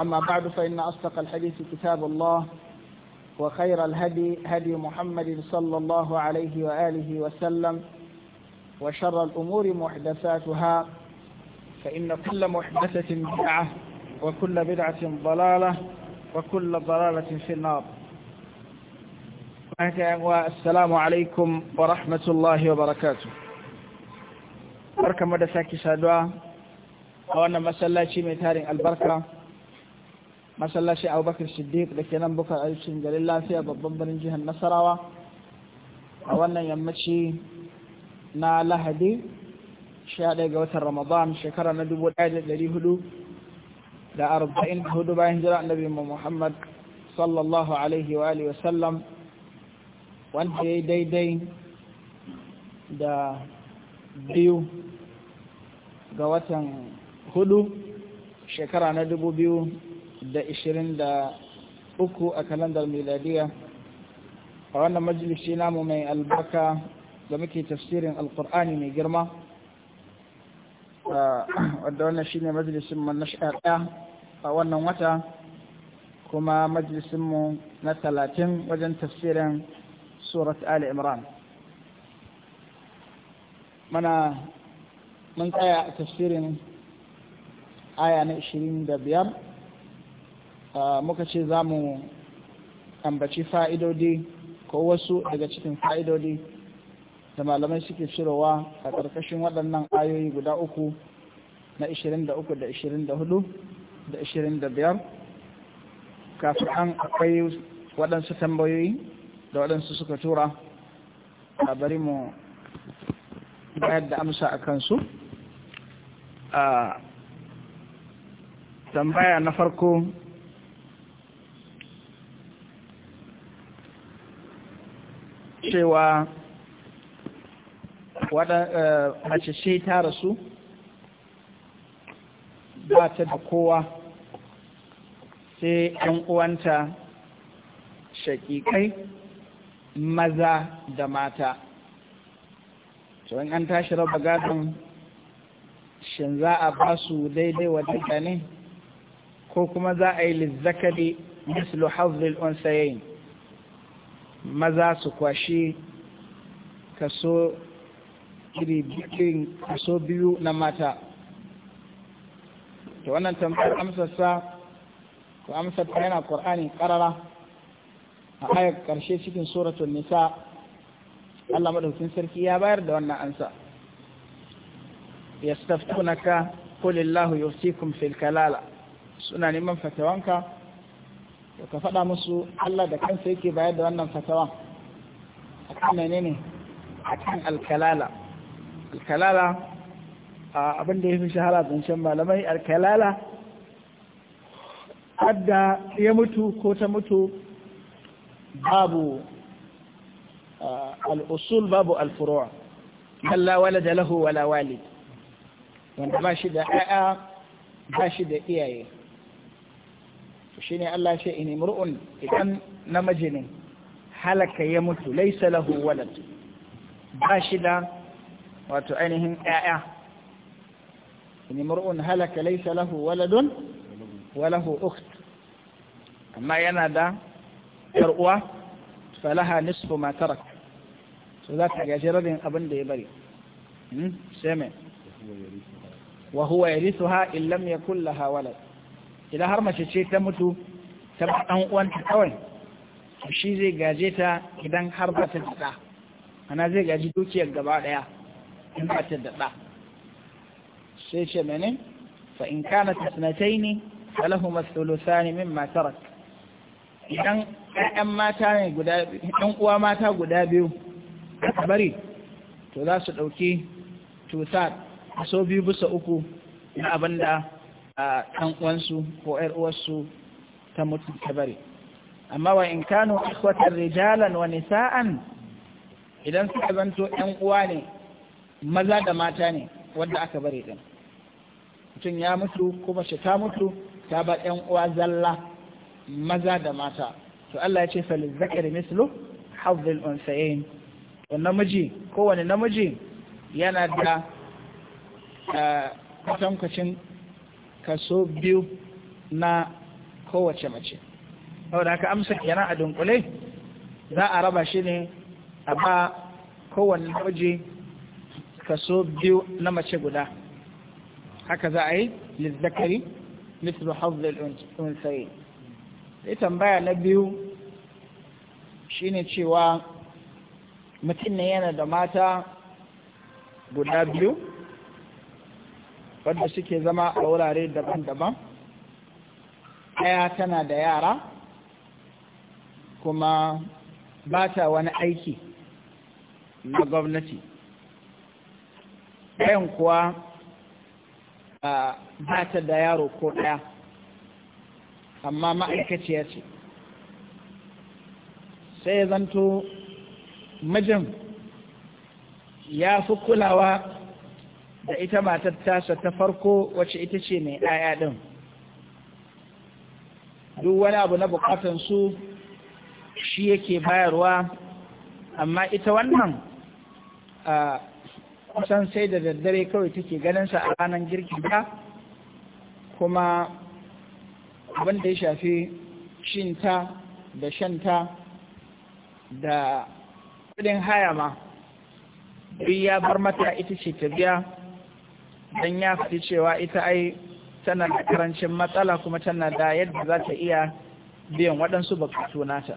أما بعد فإن أصدق الحديث كتاب الله وخير الهدي هدي محمد صلى الله عليه وآله وسلم وشر الأمور محدثاتها فإن كل محدثة بدعة وكل بدعة ضلالة وكل ضلالة في النار السلام عليكم ورحمة الله وبركاته بركة مدساكي سادوا وانا مسلاتي ميتارين البركة masallaci abubakar siddiq da ke nan bukar alcin garin lafiya babban birnin jihar nasarawa a wannan yammaci na lahadi 11 ga watan ramadan shekara na 1444 bayan jira annabi muhammad sallallahu alaihi wa alihi wasallam wanda ya yi daidai da biyu ga watan hudu shekara na biyu. da ishirin da uku a kalandar miladiya a wannan majalisi namu mai albarka da muke tafsirin alkur'ani mai girma wadda wannan shine majalisin mu na shaɗa a wannan wata kuma mu na talatin wajen tafsirin surat ali imran mana mun tsaya a tafsirin aya na 25 muka ce za mu ambaci fa'idodi ko wasu daga cikin fa'idodi da malamai suke shirowa a ƙarƙashin waɗannan ayoyi guda uku na 23 da 24 da 25 kafin an akwai waɗansu tambayoyi da waɗansu suka tura a bari mu bayar da amsa a kansu a tambaya na farko cewa eh, mace ce ta rasu ba ta da kowa sai ‘yan uwanta shakikai maza da mata to in an tashi raba gadon shin za a ba su daidai wadanda ne ko kuma za a yi lizzakari mislu hazlil sayayin. maza su kwashe kaso irin kaso biyu na mata Ta wannan tambayar amsarsa ko amsar ta yana ƙwar'ani ƙarara a ayar ƙarshe cikin suratun nisa Allah maɗaukin sarki ya bayar da wannan ansa yastaftunaka qul illahu yusikum filkalala? suna neman fatawanka ka faɗa musu Allah da kansa yake bayar da wannan fatawa akan menene kan alkalala alkalala abin da yafi shahara zancen malamai alkalala adda ya mutu ko ta mutu babu al'usul babu alfuruwa kalla wala da lahu wala walid wanda ba shi da 'ya'ya ba shi da iyaye shine Allah ce in imru'un idan namiji ne halaka ya mutu laisa lahu walad ba shi da wato ainihin ƴaƴa in imru'un halaka laisa lahu waladun wa lahu ukht amma yana da ƴar uwa falaha nisfu ma tarak so za ta gaji rabin abin da ya bari hmm? sai mai wa huwa yarithuha in lam yakul laha walad idan har mace ce ta mutu ta ɗan uwanta kawai shi zai gaje ta idan har ba ta daɗa ana zai gaji dukiyar gaba ɗaya in ba ta daɗa sai ce mene fa in kana ta sanatai ne falahu lusa ne min matar idan ƴaƴan mata ne guda ɗan uwa mata guda biyu a bari to za su ɗauki tusa so biyu bisa uku na abin da a ɗan uwansu ko yaruwarsu uwarsu ta mutu ta bari amma wa in kanu ikhwatan rijalan wani sa'an, idan suka zanto 'ƴan uwa ne maza da mata ne wanda aka bari din mutum ya mutu kuma shi ta mutu ta ba ‘yan uwa zalla maza da mata to Allah ya ce falil zakari mislu hazzul unsayin to namiji kowane namiji yana da eh, kwatankwacin kaso biyu na kowace mace da haka amsa kenan a dunkule za a raba shi ne a ba kowane namiji kaso biyu na mace guda haka za a yi lizzakari mislu hazzul unsayi sai tambaya na biyu shine cewa mutum ne yana da mata guda biyu wadda suke zama a wurare daban-daban ɗaya tana da yara kuma ba ta wani aiki na gwamnati ɗayan kuwa ba ta da yaro ko ɗaya amma ma'aikaciya ce sai zanto mijin ya fi kulawa da ita matar tasa ta farko wacce ita ce mai ɗaya ɗin duk wani abu na bukatansu shi yake bayarwa amma ita wannan a kusan sai da daddare kawai take ganinsa a ranar girki ba kuma abin da ya shafi shinta da shanta da kudin haya ma duk ya bar mata ita ce ta biya don ya fi cewa ita ai tana da karancin matsala kuma tana da yadda za ta iya biyan waɗansu bakatu nata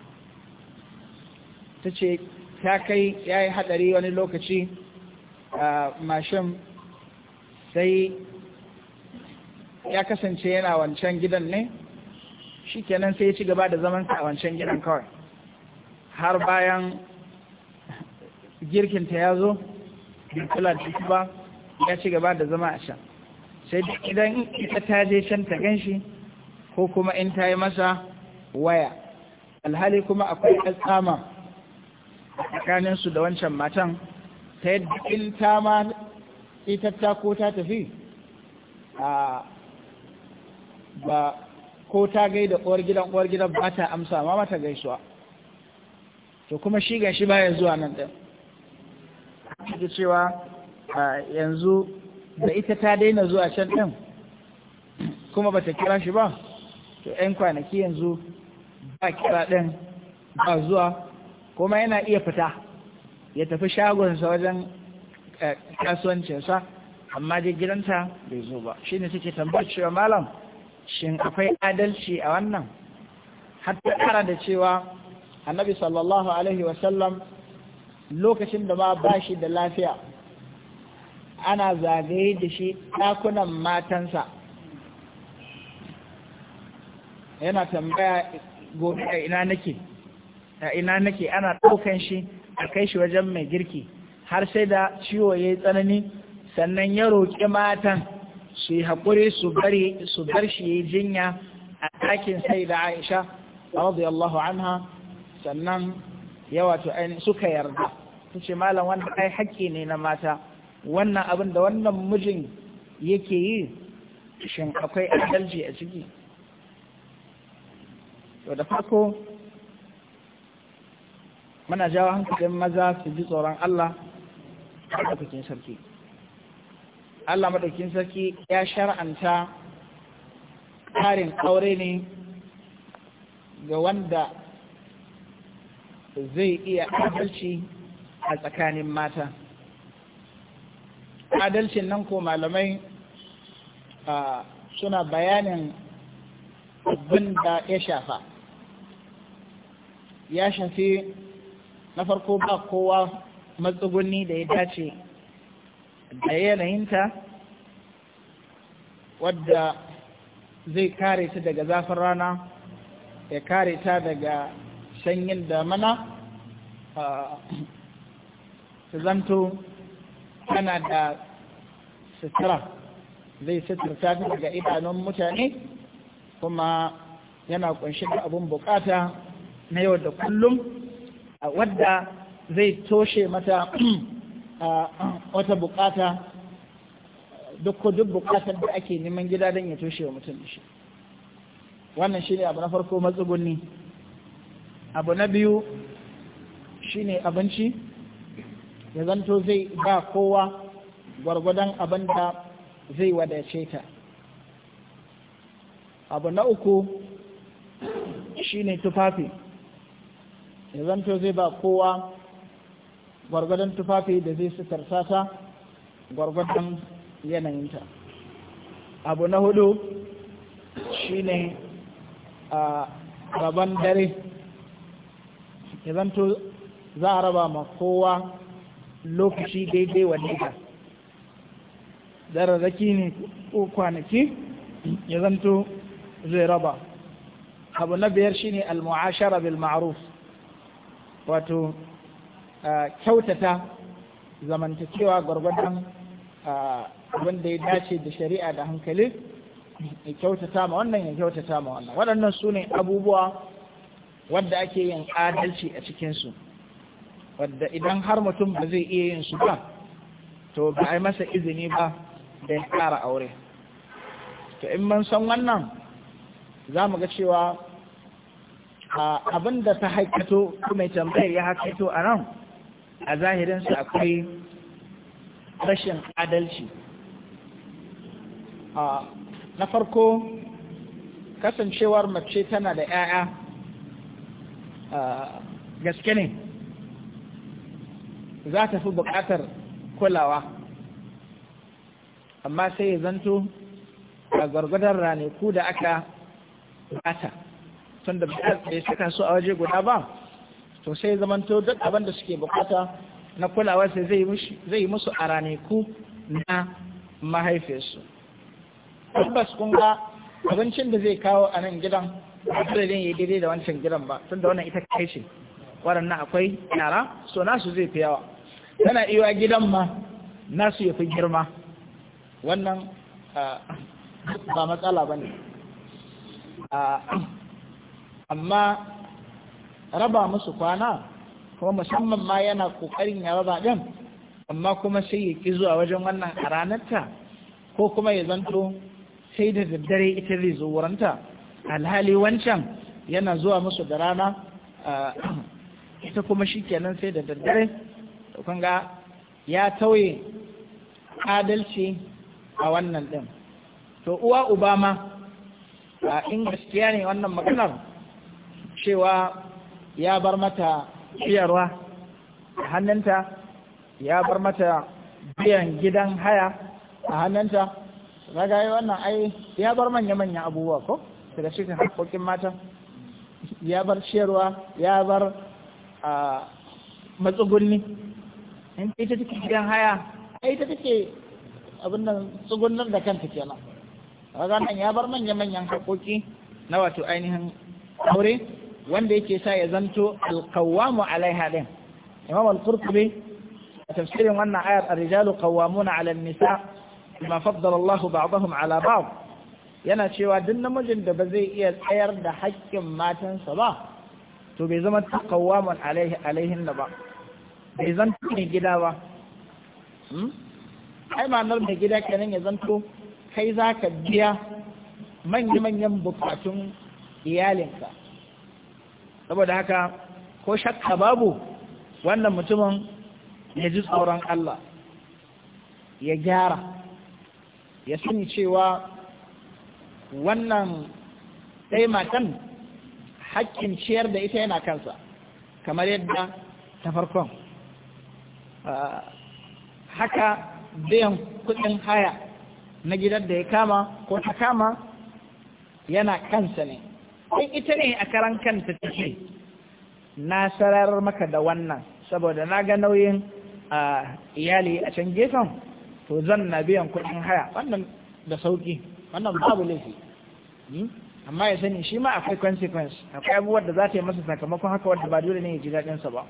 ta ce ta kai ya yi haɗari wani lokaci a mashin sai ya kasance yana wancan gidan ne shi kenan sai ya ci gaba da zamansa a wancan gidan kawai har bayan girkinta ya zo kula da ba ya ci gaba da zama a can sai duk idan ita ta je can ta gan shi ko kuma in ta yi masa waya alhali kuma akwai alƙama tsakaninsu da wancan matan ta yadda in ta ma ita ta ko ta tafi ba ko ta gai da uwar gidan uwar gidan ba ta amsa ma mata gaisuwa to kuma shi gashi baya zuwa nan ɗin. cewa a yanzu da ita ta daina zuwa can ɗin kuma ba ta kira shi ba to 'yan kwanaki yanzu ba kira ɗin ba zuwa kuma yana iya fita ya tafi shagonsa wajen eh, kasuwancinsa amma dai gidanta bai zo ba shi ne suke tambar cewa malam shin akwai adalci a wannan hatta kara da cewa annabi sallallahu alaihi wasallam lokacin da ma ba shi da lafiya ana zagaye da shi ɗakunan matansa yana tambaya gobe a ina nake a ina nake ana ɗaukan shi a kai shi wajen mai girki har sai da ciwo ya yi tsanani sannan ya roƙi matan su yi haƙuri su bar shi ya yi jinya a ɗakin sai da aisha radiyallahu anha sannan yawa to suka yarda ta ce malam wanda ai haƙƙi ne na mata wannan abin da wannan mijin yake yi shin akwai adalci a ciki to da farko muna jawo hankalin maza su ji tsoron Allah madaukakin sarki Allah madaukakin sarki ya shar'anta ƙarin aure ne ga wanda zai iya adalci a tsakanin mata adalcin nan ko malamai suna bayanin abin da ya shafa ya shafi na farko ba kowa matsuguni da ya dace da yanayinta wadda zai kare ta daga zafin rana ya kare ta daga sanyin damana ta zanto tana da sutura zai suturta daga idanun mutane kuma yana kunshi da abun bukata na yau da kullum wadda zai toshe mata wata bukata duk duk bukatar da ake neman gida don ya toshe wa mutum shi wannan shi ne abu na farko matsugunni abu na biyu shi ne abinci ya zanto zai ba kowa gwargwadon abin da zai wadace ta abu na uku shi ne tufafi ya zanto zai ba kowa gwargwadon tufafi da zai su ta gwargwadon yanayinta abu na hudu shi ne a rabon dare ya zanto za a raba ma kowa lokaci daidai wadda dararraki ne ko kwanaki ya zanto zai raba abu na biyar shine al-mu'ashara bil ma'ruf wato kyautata zamantakewa gwargwadon wanda ya dace da shari'a da hankali ya kyautata ma wannan ya kyautata ma wannan waɗannan su ne abubuwa wadda ake yin adalci a cikinsu wadda idan har mutum ba zai iya yin su ba to ba a masa izini ba da ya ƙara aure to in mun san wannan za mu ga cewa abin da ta haikato kuma tambayar ya haikato a nan a zahirinsa akwai rashin adalci na farko kasancewar mace tana da 'ya'ya gaske ne za ta fi buƙatar kulawa amma sai ya zanto a gwargwadon raneku da aka bata tun da bai saka su a waje guda ba to sai zamanto duk abin da suke bukata na kulawa sai zai yi musu a raneku na mahaifinsu tabbas kun ga abincin da zai kawo a nan gidan ba ya daidai da wancan gidan ba tun da wannan ita kai ce waɗannan akwai yara so nasu zai fi yawa tana iya gidan ma nasu ya fi girma wannan ba matsala ba ne amma raba musu kwana kuma musamman ma yana ƙoƙarin ya raba ɗin amma kuma sai ya ƙi zuwa wajen wannan a ranarta ko kuma ya zanto sai da daddare ita zai zo wuranta alhali wancan yana zuwa musu da rana ita kuma shikenan sai da daddare kun ga ya tauye adalci a wannan ɗin to uwa uba ma a in gaskiya ne wannan maganar cewa ya bar mata ciyarwa a hannunta ya bar mata biyan gidan haya a hannunta ragaye wannan ai ya bar manya-manya abubuwa ko daga cikin haƙoƙin mata ya bar ciyarwa ya bar a matsugunni in ita take gidan haya ai ita take abin nan tsugunnan da kanta kenan kaga nan ya bar manya manyan hakoki na wato ainihin aure wanda yake sa ya zanto alqawamu alaiha din imam al-qurtubi a tafsirin wannan ayar ar-rijalu qawwamuna 'ala an-nisa bima faddala Allah ba'dahum 'ala ba'd yana cewa duk namijin da ba zai iya tsayar da haƙƙin matansa ba to bai zama ta taqawwamun alaihin da ba bai zanto mai gida ba hmm? ai ma'anar mai gida kenan ya zanto kai za ka biya manya-manyan bukatun iyalinka saboda haka ko shakka babu wannan mutumin ya ji tsoron Allah ya gyara ya suni cewa wannan ɗai matan haƙƙin ciyar da ita yana kansa kamar yadda ta farkon ah, haka biyan kuɗin haya na gidan da ya kama ko ta kama yana kansa ne in ita ne a karan kanta take na sarar maka da wannan saboda na ga nauyin ah, iyali a can gefen to zan na biyan kuɗin haya wannan da sauki wannan babu laifi hmm? amma ya sani shi ma akwai consequence akwai abubuwan da za ta yi masa sakamakon haka wanda ba dole ne ya ji daɗinsa ba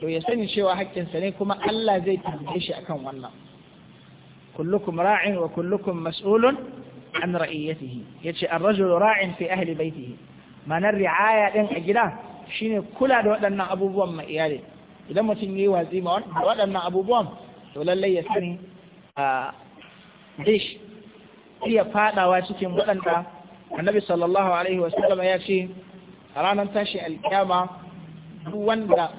to ya sani cewa haƙƙinsa ne kuma Allah zai tambaye shi akan wannan kullukum ra'in wa kullukum mas'ulun an ra'iyatihi yace ar-rajul ra'in fi ahli baitihi ma'anar ri'aya din a gida shine kula da waɗannan abubuwan ma iyali idan mutum yayi watsi ma waɗannan abubuwan to lallai ya sani a ah, dish iya fadawa cikin waɗanda annabi sallallahu alaihi wasallam ya ce a ranar tashin alkiyama duk wanda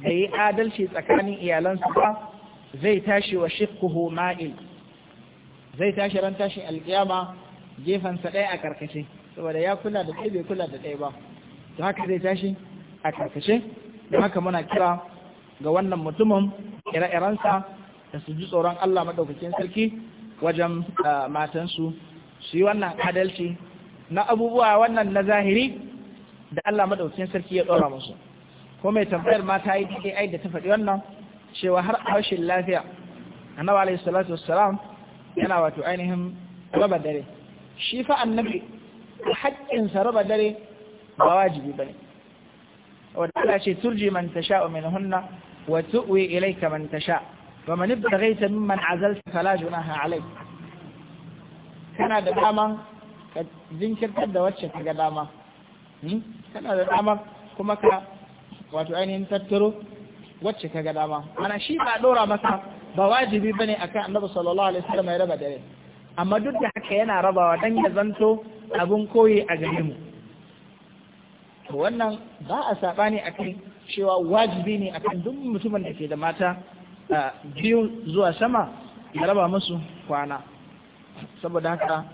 da yi adalci tsakanin iyalansa ba zai tashi wa shikuhu ma'il zai tashi ran tashi alkiyama gefensa ɗaya a karkace saboda ya kula da ɗaya bai kula da ɗaya ba to haka zai tashi a karkace don haka muna kira ga wannan mutumin ire-irensa da su ji tsoron Allah maɗaukakin sarki wajen ah, matansu su yi wannan adalci na abubuwa wannan na zahiri da Allah maɗaukin sarki ya ɗora musu ko mai tambayar mata yi daidai ai da ta faɗi wannan cewa har a rashin lafiya annabi alaihi salatu wassalam yana wato ainihin raba dare shi fa annabi haƙƙinsa raba dare ba wajibi bane wanda Allah ce turji man tasha'u minhunna wa tu'wi ilayka man tasha' wa man ibtaghaita mimman azalta fala junaha alayk kana da daman ka jinkirtar da wacce ka ga dama kana da dama kuma ka wato ainihin tattaro wacce ka ga dama ana shi ba dora masa ba wajibi bane akan annabi sallallahu alaihi wasallam ya raba dare amma duk da haka yana rabawa dan ya zanto abin koyi a gare mu to wannan ba a sabani akan cewa wajibi ne akan duk mutumin da ke da mata biyu zuwa sama ya raba musu kwana saboda haka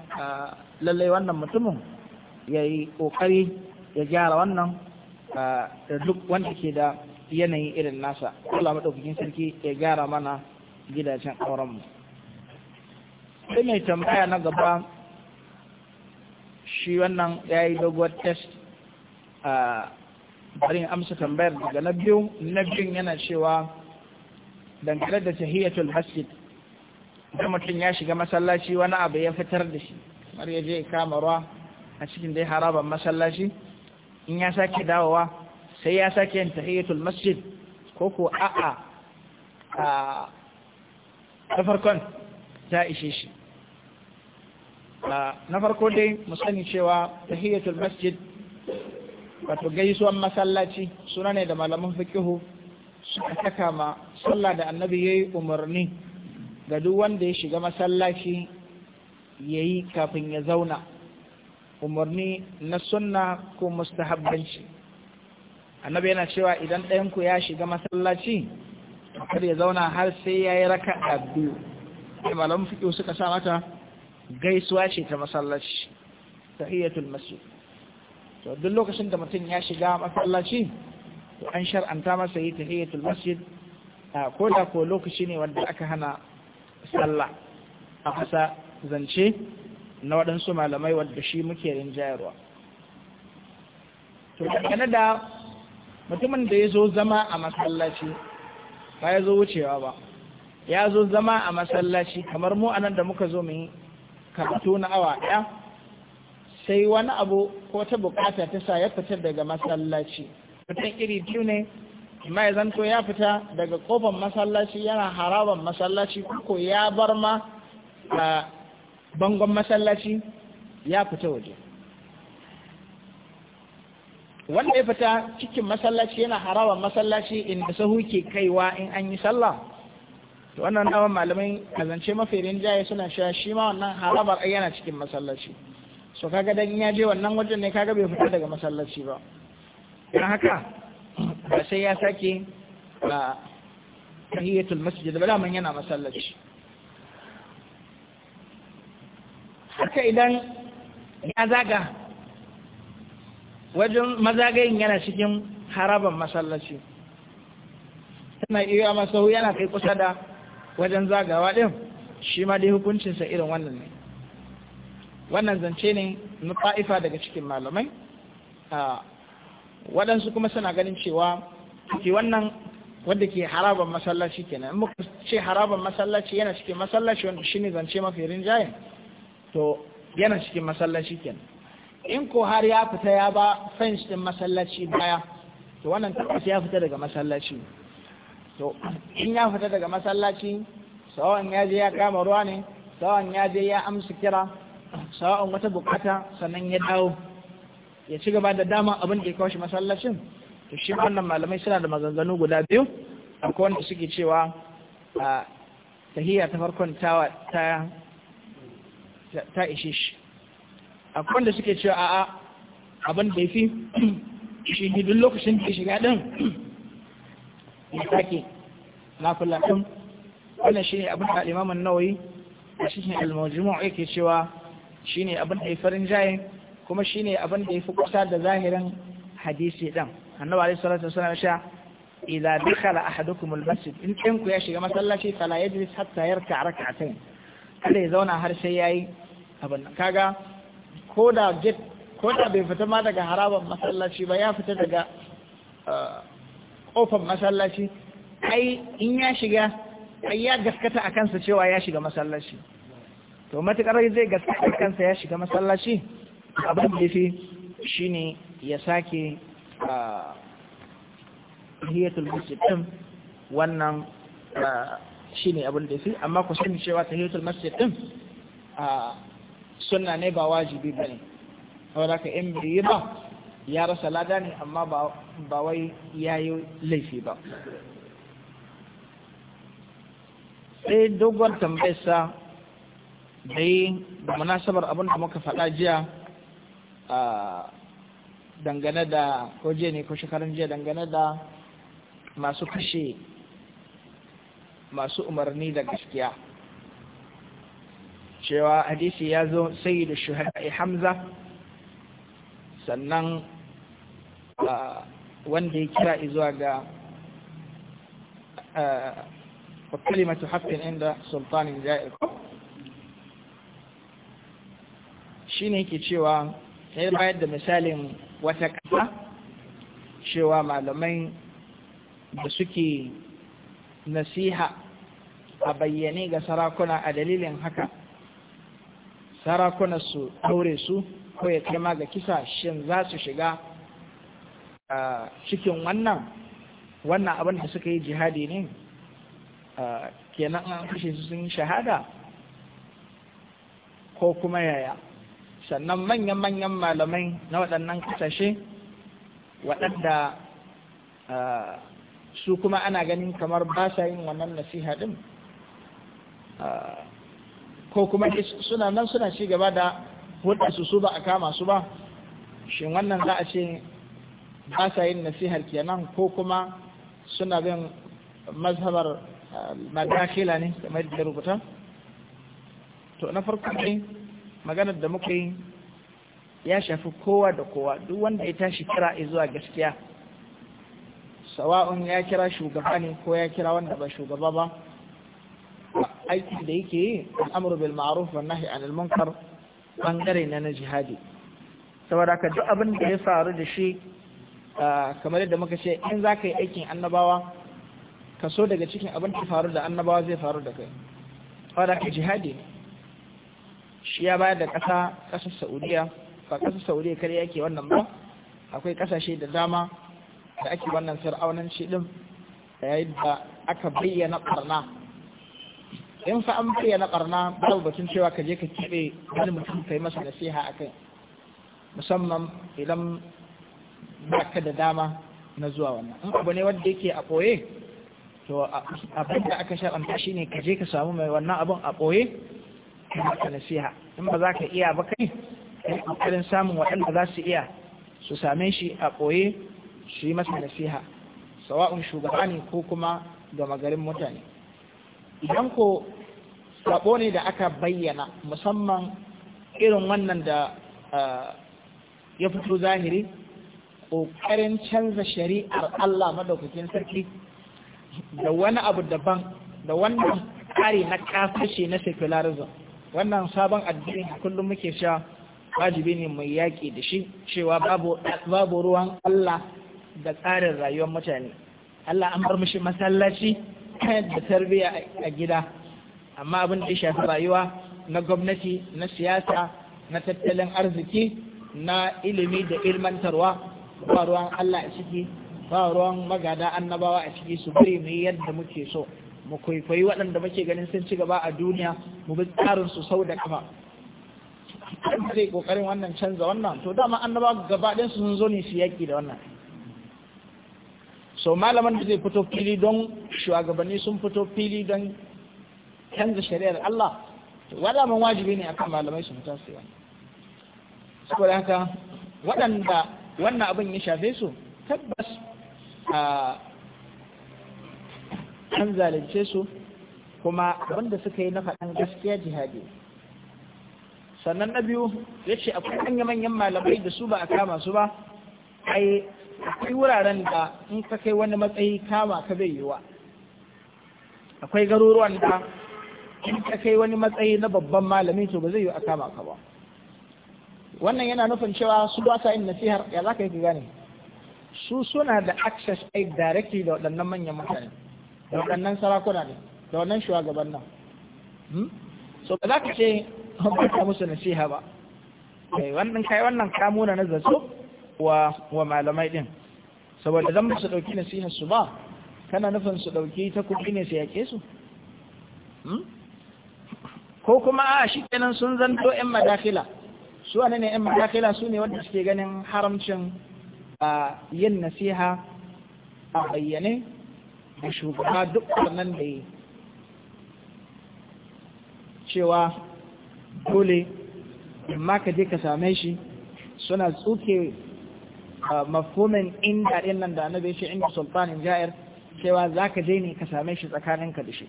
lallai wannan mutumin ya yi ƙoƙari ya gyara wannan da duk wanda ke da yanayin irin nasa kula maɗaukakin sarki ya gyara mana gidajen aurenmu sai mai tambaya na gaba shi wannan ya yi doguwar test a barin amsa tambayar daga na biyu na biyun yana cewa dangane da tahiyatul masjid da mutum ya shiga masallaci wani abu ya fitar da shi mar ya je kama ruwa a cikin dai haraban masallaci in ya sake dawowa sai ya sake yin tahiyatul masjid ko ko a'a a ta farkon ta ishe shi na farko dai mu sani cewa tahiyatul masjid wato gaisuwan masallaci suna ne da malaman fikihu suka takama. sallah da annabi ya yi umarni ga duk wanda ya shiga masallaci ya yi kafin ya zauna umarni na sunna ko mustahabbanci annabi yana cewa idan ɗayanku ya shiga masallaci kar ya zauna har sai ya yi raka a biyu malam fiƙo suka sa mata gaisuwa ce ta masallaci ta masjid to duk lokacin da mutum ya shiga masallaci to an shar'anta masa yi ta tahiyyatul masjid ko da ko lokaci ne wanda aka hana sallah a kusa zance na waɗansu malamai wadda shi muke jayarwa. to dangane da mutumin da ya zo zama a masallaci ba ya zo wucewa ba ya zo zama a masallaci kamar mu anan da muka zo mu karatu na awa ɗaya sai wani abu ko ta bukata ta sa ya fitar daga masallaci mutum iri biyu ne amma ya zanto ya fita daga kofar masallaci yana haraban masallaci ko ya bar ma a bangon masallaci ya fita waje wanda ya fita cikin masallaci yana haraban masallaci inda sahu ke kaiwa in an yi sallah to wannan dawon malamai kazance mafi rinjaye suna sha shi ma wannan harabar yana cikin masallaci so kaga dan ya je wannan wajen ne kaga bai fita daga masallaci ba haka ba sai ya sake ba tahiyyatul masjid ba daman yana masallaci haka idan ya zaga wajen mazagayin yana cikin haraban masallaci tana iya masau yana kai kusa da wajen zagawa ɗin shi ma dai hukuncinsa irin wannan ne wannan zance ne na fa'ifa daga cikin malamai ah, waɗansu kuma suna ganin cewa ke wannan wanda ke haraban masallaci kenan in muka ce haraban masallaci yana cikin masallaci wanda shine zance mafi rinjayen to yana cikin masallaci kenan in ko har ya fita ya ba fens din masallaci baya to wannan tabbas ya fita daga masallaci to in ya fita daga masallaci sawan ya je ya kama ruwa ne sawan ya je ya amsa kira sawan wata bukata sannan ya dawo ya ci gaba da dama abin da ya kawo shi masallacin to shi wannan malamai suna da maganganu guda biyu akwai wanda suke cewa a tahiyya ta farkon ta ta ishe shi akwai wanda suke cewa a'a abin da ya fi shi hidin lokacin da shiga din ya sake na kula wannan shi ne abin da alimamin nauyi a cikin almajmu' yake cewa shi ne abin da ya farin jayin kuma shine abin da ya fi kusa da zahirin hadisi din annabi alaihi salatu wasallam sha idza dakhala ahadukum almasjid in ɗan ku ya shiga masallaci fala yajlis hatta yarka rak'atayn kada ya zauna har sai yayi abin kaga ko da get bai fita ma daga haraban masallaci ba ya fita daga kofar uh, masallaci ai in ya shiga ai ya gaskata a kansa cewa ya shiga masallaci to matukar zai gaskata a kansa ya shiga masallaci abin da shi ne ya sake a tahiyatul ɗin wannan ne abin da fi amma ku sani cewa ta masjid din a Suna ne ba wajibi bane saboda ka in biyu ba ya rasa lada ne amma ba wai yi laifi ba sai dogon tambayarsa da yi da munasabar abin da muka faɗa jiya dangane da ko jiya ne ko shekarun jiya dangane da masu kashe masu umarni da gaskiya cewa hadisi ya zo sai da shuhari hamza sannan wanda ya kira izuwa ga kalimatu haƙƙin inda sultanin ja'ir shi ne ke cewa sai bayar da misalin wata kasa cewa malamai da suke nasiha a bayyane ga sarakuna a dalilin haka sarakuna su daure su ko ya kai ga kisa shin za su shiga cikin wannan wannan abin da suka yi jihadi ne kenan an kashe su sun shahada ko kuma yaya sannan manyan-manyan malamai na waɗannan kasashe waɗanda su kuma ana ganin kamar ba sa yin wannan nasiha ɗin ko kuma suna nan suna ci gaba da hudansu su ba a kama su ba shin wannan za a ce ba sa yin nasihar kenan ko kuma suna bin mazhabar madakila ne kamar da rubuta to na farko ne maganar da muka yi ya shafi kowa da kowa duk wanda ya tashi kira zuwa gaskiya sawa'un ya kira shugaba ne ko ya kira wanda ba shugaba ba aiki da yake yi amuru bil ma'aruf wa nahi anil munkar bangare na na jihadi saboda ka duk abin da ya faru da shi kamar yadda muka ce in za ka yi aikin annabawa Ka so daga cikin abin da faru da annabawa zai faru da kai saboda ka jihadi ne shi ya bayar da ƙasa ƙasar saudiya ba ƙasar saudiya kare yake wannan ba akwai ƙasashe da dama da ake wannan sar'aunanci ɗin da ya yi da aka bayyana ƙarna in fa an bayyana ƙarna babu batun cewa ka je ka keɓe wani mutum ka yi masa nasiha a kai musamman idan ba ka da dama na zuwa wannan in abu ne wanda yake a ɓoye to abin da aka shi ne ka je ka samu mai wannan abin a ɓoye kai maka nasiha in ba za ka iya ba kai kai kokarin samun waɗanda za su iya su same shi a ɓoye su yi masa nasiha sawa'un shugaba ne ko kuma gama garin mutane idan ko sabo ne da aka bayyana musamman irin wannan da ya fito zahiri ƙoƙarin canza shari'ar Allah madaukakin sarki da wani abu daban da wannan kare na kasashe na secularism wannan sabon addini kullum muke sha wajibi ne mai yaƙi da shi cewa babu ruwan Allah da tsarin rayuwar mutane Allah an bar mishi masallaci da tarbiyya a gida amma abin da ya shafi rayuwa na gwamnati na siyasa na tattalin arziki na ilimi da ilmantarwa ba ruwan Allah a ciki ba ruwan magada annabawa a ciki su bari mu yadda muke so mu kwaikwayi waɗanda muke ganin sun ci gaba a duniya mu bi tsarin su sau da kafa zai kokarin wannan canza wannan to dama annaba gaba ɗin sun zo ne su yaƙi da wannan so malaman da zai fito fili don shugabanni sun fito fili don canza shari'ar Allah wala man wajibi ne akan malamai su fita su yi saboda haka waɗanda wannan abin ya shafe su tabbas a ah, an zalunce su kuma wanda suka yi na faɗan gaskiya jihadi sannan na biyu ya ce akwai manya manyan malamai da su ba a kama su ba ai akwai wuraren da in ka kai wani matsayi kama ka bai yiwa akwai garuruwan da in ka kai wani matsayi na babban malami to ba zai yi a kama ka ba wannan yana nufin cewa su ba sa yin nasihar ya za ka yi ka gane su suna da access aid directly da waɗannan manyan mutane da waɗannan sarakuna ne da wannan shugaban nan hmm? so ba za ka ce ba ka musu nasiha ba eh, wannan kai wannan kamo na nazarto wa wa malamai din saboda zan musu su dauki nasiha su ba kana nufin su dauki ta kuɗi ne su yake su hmm? ko kuma a shi kenan sun zanto yan madakila su wane ne yan madakila su ne wanda suke ganin haramcin yin nasiha a bayyane da shugaba duk nan da yi cewa dole in maka je ka same shi suna tsuke mafumin inda ɗin nan da annabi shi inda sultanin ja'ir cewa za ka je ne ka same shi tsakaninka da shi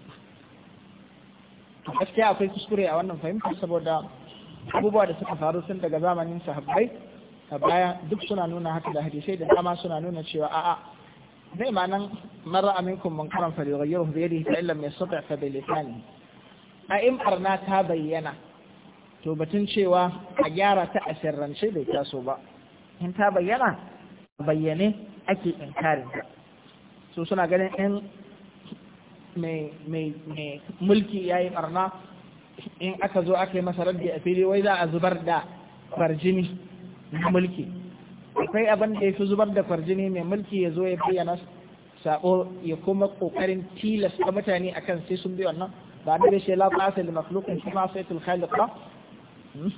gaskiya akwai kuskure a wannan fahimta saboda abubuwa da suka faru sun daga zamanin sahabbai a baya duk suna nuna haka da hadisai da dama suna nuna cewa a'a zai manan mara aminkum munkaran falyughayyiruhu bi yadihi fa illam yastati' fa bi lisanihi a in barna ta bayyana to batun cewa a gyara ta a sirrance bai taso ba in ta bayyana bayyane ake inkarin ta so suna ganin in mai mulki ya yi barna in aka zo aka yi masa rabbi a fili wai za a zubar da farjini na mulki akwai abin da ya fi zubar da farjini mai mulki ya zo ya fi yana sabo ya kuma kokarin tilasta mutane a kan sai sun bi wannan ba da shi la ba'sa li makhluqin kuma sai khaliq ba hmm?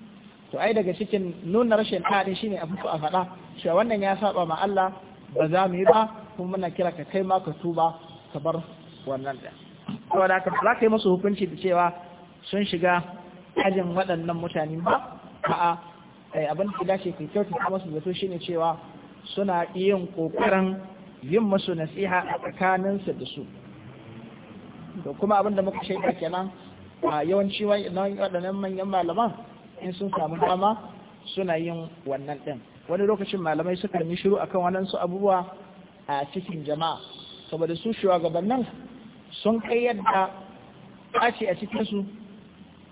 to ai daga cikin nuna rashin shi ne abin a faɗa shi wannan ya saba ma Allah ba za mu yi ba kuma muna kira ka kai ma ka tuba ka bar wannan da da ka za ka yi musu hukunci da cewa sun shiga ajin waɗannan mutane ba a'a Eh, abin da dace ku kyautata masu zato shine cewa suna yin kokarin yin masu nasiha a tsakaninsu da su da kuma abin da muka shaida kenan a yawanci waɗannan manyan malaman in sun samu dama suna yin wannan ɗin wani lokacin malamai suka yi shiru akan su abubuwa a cikin jama'a saboda su shugabannin sun kai yadda ɓaci a cikinsu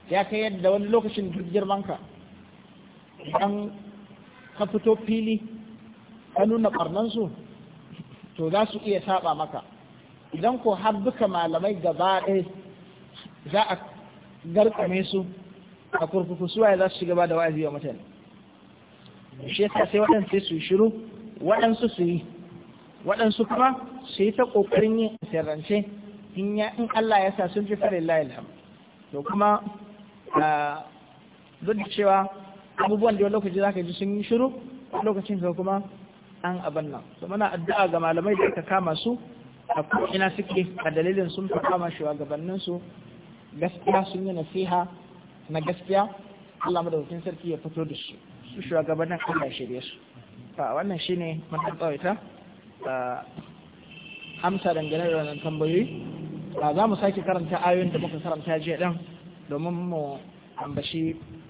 ya kai yadda wani lokacin duk girmanka idan ka fito fili ka nuna ɓarnansu to za su iya saba maka idan ko har duka malamai gaba ɗaya za a garkame su a kurkuku suwaye za su shiga ba da wa'azi wa mutane shi yasa sai waɗansu su yi shiru waɗansu su yi waɗansu kuma su yi ta ƙoƙarin yin sirrance in ya in Allah ya sa sun fi fara layil to kuma ah, duk da cewa abubuwan da wani lokaci za ka ji sun yi shiru lokacin ka kuma an abin nan su mana addu'a ga malamai da aka kama su a ina suke a dalilin sun fi kama shugabannin su gaskiya sun yi nasiha na gaskiya Allah madaukakin sarki ya fito da su su shugabannin Allah shirye su fa wannan shine mun tsawaita amsa dangane da wannan tambayoyi za mu sake karanta ayoyin da muka karanta jiya din domin mu ambashi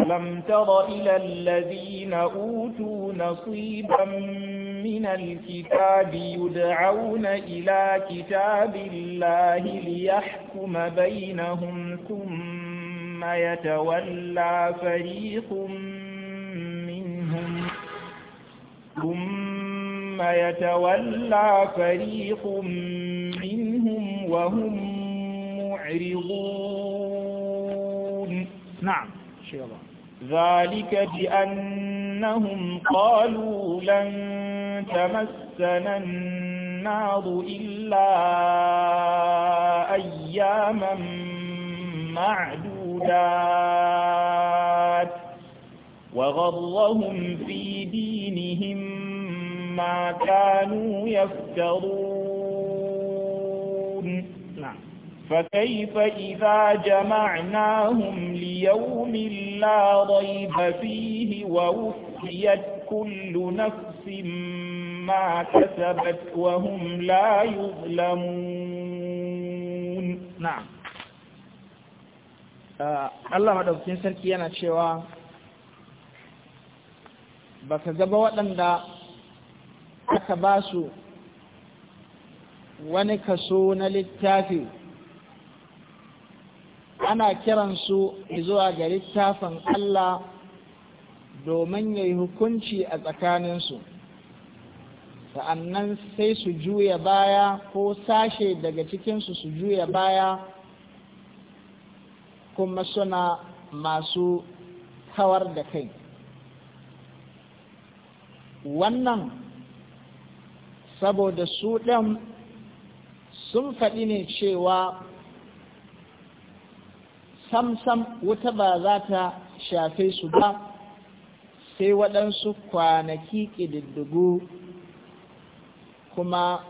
ألم تر إلى الذين أوتوا نصيبا من الكتاب يدعون إلى كتاب الله ليحكم بينهم ثم يتولى فريق منهم ثم يتولى فريق منهم وهم معرضون نعم ذلك بأنهم قالوا لن تمسنا النار إلا أياما معدودات وغرهم في دينهم ما كانوا يفترون فكيف إذا جمعناهم ليوم لا ريب فيه ووفيت كل نفس ما كسبت وهم لا يظلمون نعم Allah madaukakin sarki yana cewa ba ka gaba waɗanda aka ba su wani kaso na littafi ana kiransu zuwa ga littafin Allah domin ya yi hukunci a tsakaninsu sa'annan sai su juya baya ko sashe daga cikinsu su juya baya kuma suna masu kawar da kai wannan saboda su ɗan sun faɗi ne cewa samsam wuta ba za ta shafe su ba sai waɗansu kwanaki ƙididdigu kuma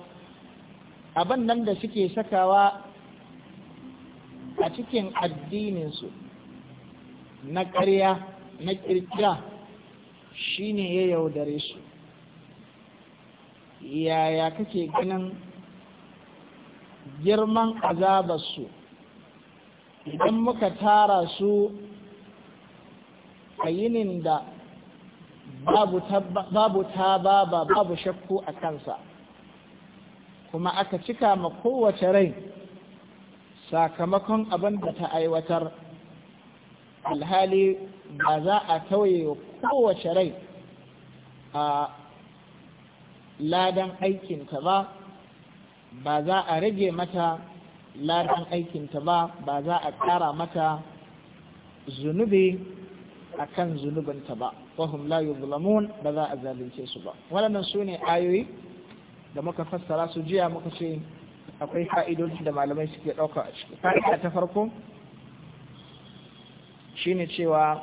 abin nan da suke sakawa a cikin addininsu na ƙarya na ƙirƙira shine ya yaudare su yaya kake ganin girman azabarsu idan muka tara su a yinin da babu ta baba babu shakku a kansa kuma aka cika ma kowace rai sakamakon abin da ta aiwatar alhali ba za a tauye kowace rai a ladan aikinta ba ba za a rage mata aikin aikinta ba ba za a ƙara mata zunubi a kan zunubinta ba wahum la bulamun ba za a zalunce su ba waɗannan su ne ayoyi da muka fassara su jiya muka ce akwai fa'idodi da malamai suke ɗauka a ciki fa'ida ta farko shi ne cewa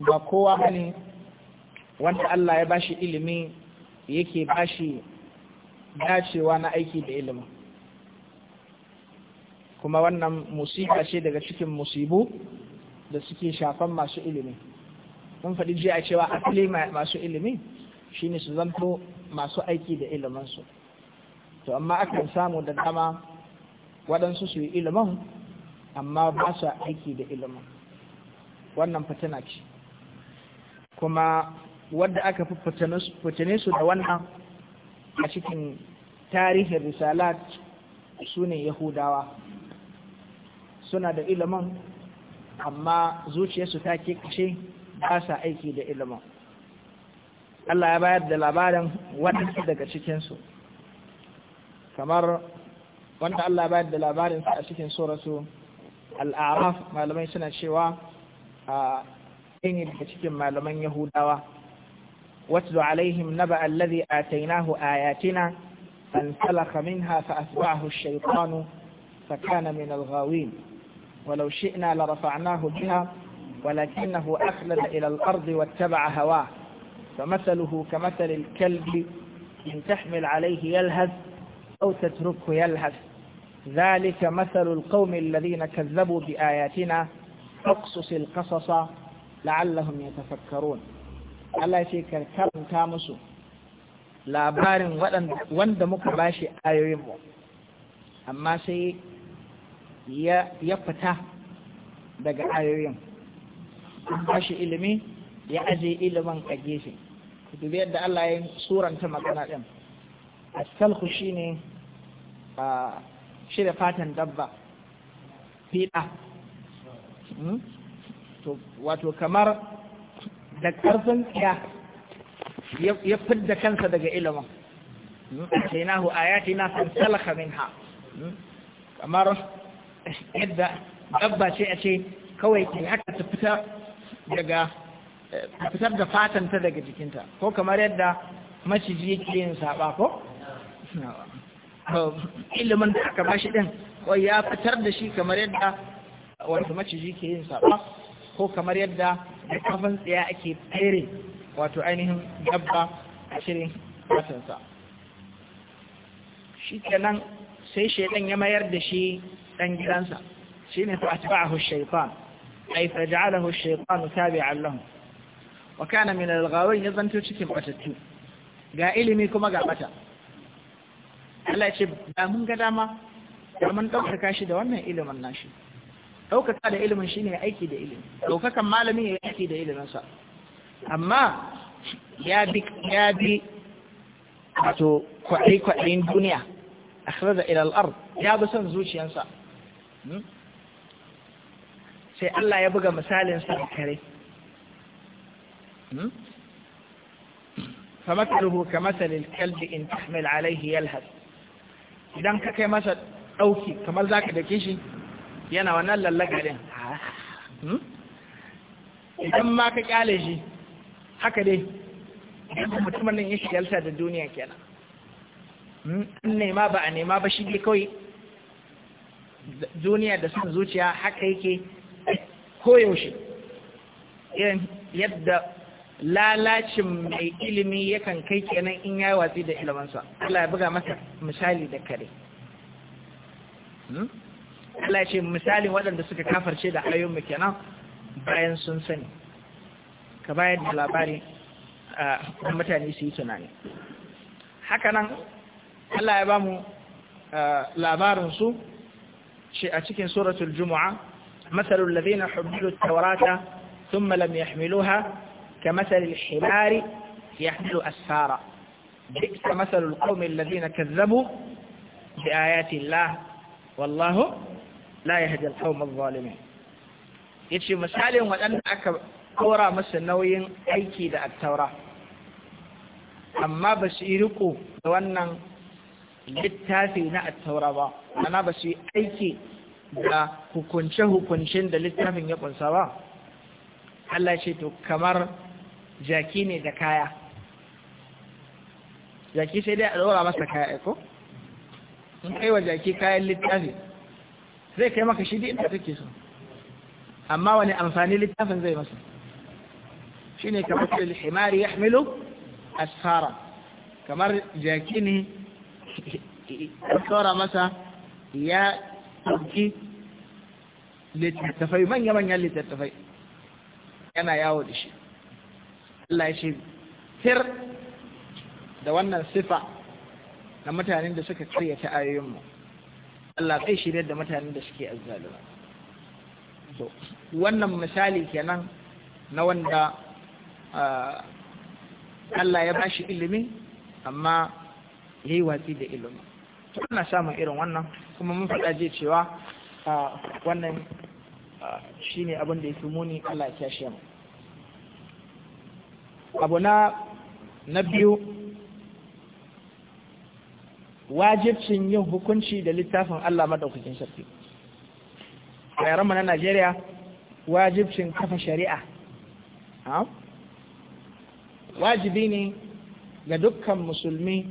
ba kowa ne wanda Allah ya bashi ilimi yake bashi dacewa na aiki da ilimin kuma wannan musiba ce daga cikin musibu da suke shafan masu ilimi mun faɗi jiya cewa asali masu ilimi shine su zanto masu aiki da iliminsu to amma akan samu da dama waɗansu su yi ilimin amma ba su aiki da ilimin wannan fitina ce kuma wadda aka fitane su da wannan a cikin tarihin risalat su ne yahudawa suna da ilimin amma zuciyarsu ta ke kashe ba sa aiki da ilimin Allah ya bayar da labarin waɗansu daga cikinsu kamar wanda Allah ya bayar da labarin a cikin suratu al'araf malamai suna cewa a ɗanyi daga cikin malaman yahudawa واتل عليهم نبأ الذي آتيناه آياتنا فانسلخ منها فأتبعه الشيطان فكان من الغاوين ولو شئنا لرفعناه بها ولكنه أخلد إلى الأرض واتبع هواه فمثله كمثل الكلب إن تحمل عليه يلهث أو تتركه يلهث ذلك مثل القوم الذين كذبوا بآياتنا اقصص القصص لعلهم يتفكرون Allah ce ka karanta musu labarin wanda muka bashi ayoyin mu amma sai ya fita daga ayoyin an shi ilimi ya aje ilimin a gefe dubi yadda Allah ya suranta magana din shi shine a shirya fatan dabba fiɗa hmm? wato kamar da ƙarfin ƙiya ya fidda kansa daga ilimin hmm, atainahu na fansalakha minha hmm, kamar yadda dabba ce a ce kawai ke haka ta fita daga eh, ta fitar da fatanta daga jikinta ko kamar yadda maciji ke yin saba ko eh, ilimin da aka bashi din ko ya fitar da shi kamar yadda wanda maciji ke yin saba ko kamar yadda da kafin tsaya ake tsere wato ainihin dabba a cikin matansa. shi kenan sai shaidan ya mayar da shi dan gidansa shi ne fa atba'ahu shaitan ay faj'alahu shaitan tabi'an lahu wa kana min al-ghawin yazantu cikin batattu ga ilimi kuma ga bata Allah ya ce ba mun ga dama da mun ɗaukaka shi da wannan ilimin nashi ɗaukaka da ilimin shine ya aiki da ilimi ɗaukakan malami ya aiki da iliminsa amma ya bi ya bi wato kwaɗe-kwaɗen duniya a kira da ilal'ar ya bi son zuciyansa hmm? sai Allah ya buga misalinsa a kare فمثله كمثل الكلب إن تحمل عليه يلهث idan ka kai masa ɗauki kamar za ka dake shi yana wannan ha, hmm? idan ma ka kyale shi haka dai mutumin nan ya yalta da duniya kenan hmm? an nema ba a nema ba shi ne kawai duniya da sun zuciya haka yake koyaushe irin yadda lalacin mai ilimi yakan kai kenan in ya watsi da ilimansa Allah ya buga masa misali da kare hmm? Allah ya ce misalin waɗanda suka kafarce da ayyun mu kenan bayan sun sani ka bayar da labari a mutane su yi tunani haka nan Allah ya ba mu labarin su ce a cikin suratul jumu'a masalul ladina hubbilu tawrata thumma lam yahmiluha kamasalil himari yahmilu asfara bi'sa masalul qaumil ladina kazzabu da ayati llah wallahu la yahdi al-qawm adh-dhalimin yace misalin waɗanda aka kora masa nauyin aiki da attaura amma ba su yi riko da wannan littafi na attaura ba ana ba su yi aiki da hukunce-hukuncen da littafin ya kunsa ba Allah ce to kamar jaki ne da kaya jaki sai dai a ɗora masa kaya ko? in kai wa jaki kayan littafi zai kai maka shi inda kake so amma wani amfani littafin zai masa shine kamar al-himari yahmilu asfara kamar jaki ne masa ya ɗauki littattafai manya-manyan littattafai yana yawo da shi Allah ya ce tir da wannan sifa na mutanen da suka ayoyin mu Allah kai shiryar da mutanen da suke azzaluma to wannan misali kenan na wanda Allah ya bashi ilimi amma yayi watsi da ilimi ana samun irin wannan kuma mun faɗa je cewa wannan shine abin da yake muni Allah ya kyashe mu abu na na biyu wajibcin yin hukunci da littafin Allah madaukakin sarki a yaran na Najeriya wajibcin kafa shari'a wajibi ne ga dukkan musulmi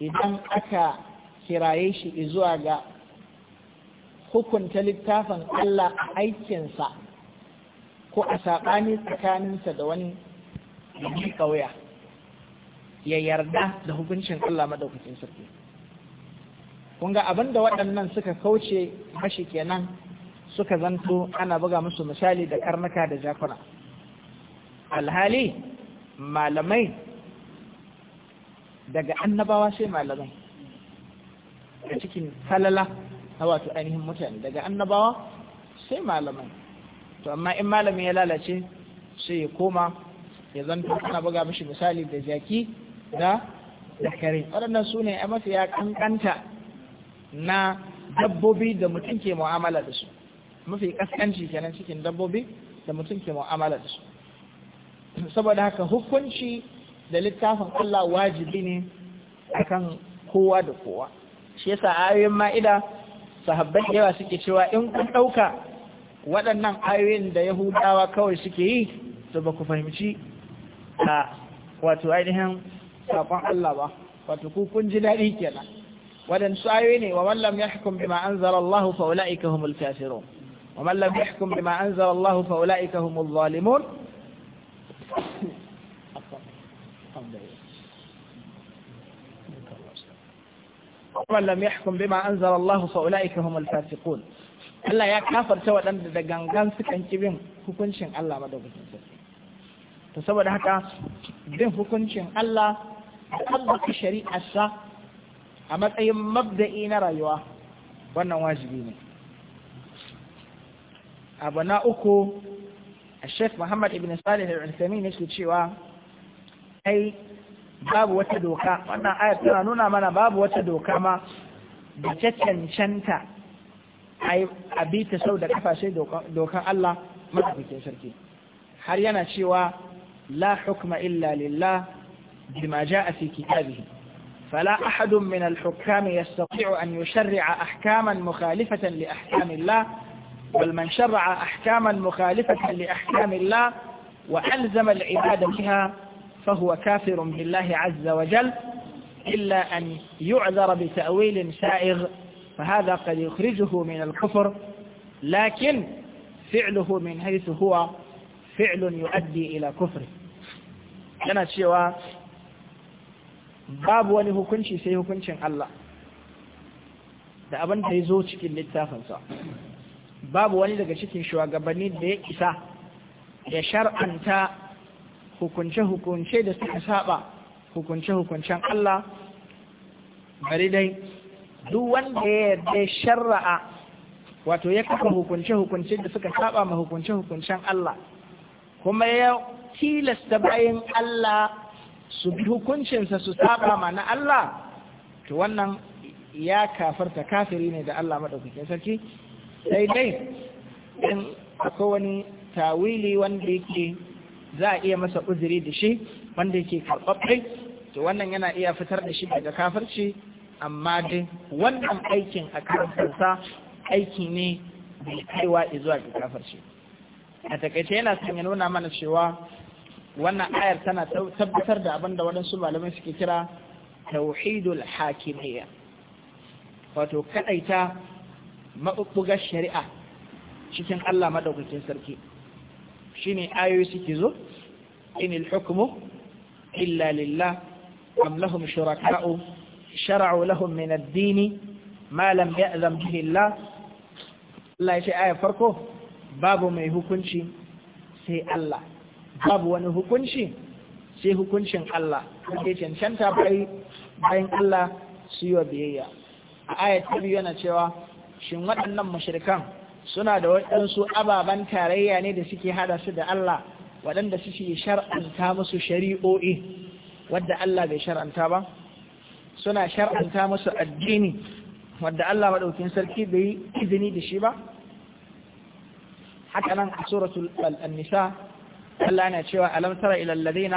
idan aka kiraye shi zuwa ga hukunta littafin Allah a aikinsa ko a saɓani tsakaninsa da wani ƙauya ya yarda da hukuncin Allah madaukakin sarki kun ga abin da waɗannan suka kauce mashi kenan suka zanto ana buga musu misali da karnuka da jakuna alhali malamai daga annabawa sai malamai da cikin falala na wato ainihin mutane daga annabawa sai malamai to amma in malami ya lalace sai ya koma ya zanto ana buga mashi misali da jaki da da waɗannan su ne a mafiya kankanta na dabbobi da mutum ke mu'amala da su mafi kaskanci kenan cikin dabbobi da mutum ke mu'amala da su saboda haka hukunci da littafin Allah wajibi ne akan kowa da kowa shi yasa ayoyin ma'ida sahabban yawa suke cewa in kun ɗauka waɗannan ayoyin da yahudawa kawai suke yi to ba ku fahimci a wato ainihin saƙon Allah ba wato ku kun ji daɗi kenan waɗansu ayoyi ne wa mallam ya hukum bima anzala Allah fa ulaika humul kafirun wa mallam ya hukum bima anzala Allah fa ulaika humul zalimun ومن لم يحكم بما أنزل الله فأولئك هم الفاسقون Allah ya kafarta waɗanda da gangan sukan ki bin hukuncin Allah madaukakin sarki to saboda haka bin hukuncin Allah tabbata shari'arsa a matsayin mabda'i na rayuwa wannan wajibi ne abu na uku a sheikh muhammad ibn salih al-uthami ne su cewa ai babu wata doka wannan ayar tana nuna mana babu wata doka ma da ta cancanta a bi ta sau da kafashe dokan Allah maɗaukakin sarki har yana cewa la hukma illa lillah بما جاء في كتابه فلا أحد من الحكام يستطيع أن يشرع أحكاما مخالفة لأحكام الله بل من شرع أحكاما مخالفة لأحكام الله وألزم العبادة بها فهو كافر بالله عز وجل إلا أن يعذر بتأويل سائغ فهذا قد يخرجه من الكفر لكن فعله من حيث هو فعل يؤدي إلى كفره أنا cewa babu wani hukunci sai hukuncin Allah da abin da ya zo cikin littafinsa babu wani daga cikin shugabanni da ya isa ya shar'anta hukunce-hukunce da suka saba hukunce-hukuncen Allah bari dai duk wanda ya yarda shar'a wato ya kafa hukunce-hukunce da suka saba ma hukunce-hukuncen Allah kuma ya tilasta bayan Allah su bi hukuncinsa su saba ma na Allah to wannan ya kafarta kafiri ne da Allah maɗaukakin sarki sai dai in akwai wani tawili wanda yake za a iya masa uzuri da shi wanda yake karɓaɓɓe to wannan yana iya fitar da shi daga kafirci amma dai wannan aikin a karantarsa aiki ne bai kaiwa zuwa ga kafirci a takaice yana son ya nuna mana cewa wannan ayar tana tabbatar da abin da waɗansu malamai suke kira tauhidul hakimiyya wato kaɗaita maɓuɓɓugar shari'a cikin Allah maɗaukakin sarki shine ayoyi suke zo inil hukmu illa lillah am lahum shuraka'u shara'u lahum min ad-din ma lam ya'zam bihi Allah Allah ya ce ayar farko babu mai hukunci sai Allah babu wani hukunci sai hukuncin Allah wanda cancanta bai bayan Allah su yi wa biyayya a ayat biyu yana cewa shin waɗannan mashirkan suna da waɗansu ababen tarayya ne da suke hada su da Allah waɗanda suke shar'anta musu shari'o'i wadda Allah bai shar'anta ba suna shar'anta musu addini wadda Allah maɗaukin sarki bai izini da shi ba haka nan a suratul nisa هل أنا أشياء ألم ترى إلى الذين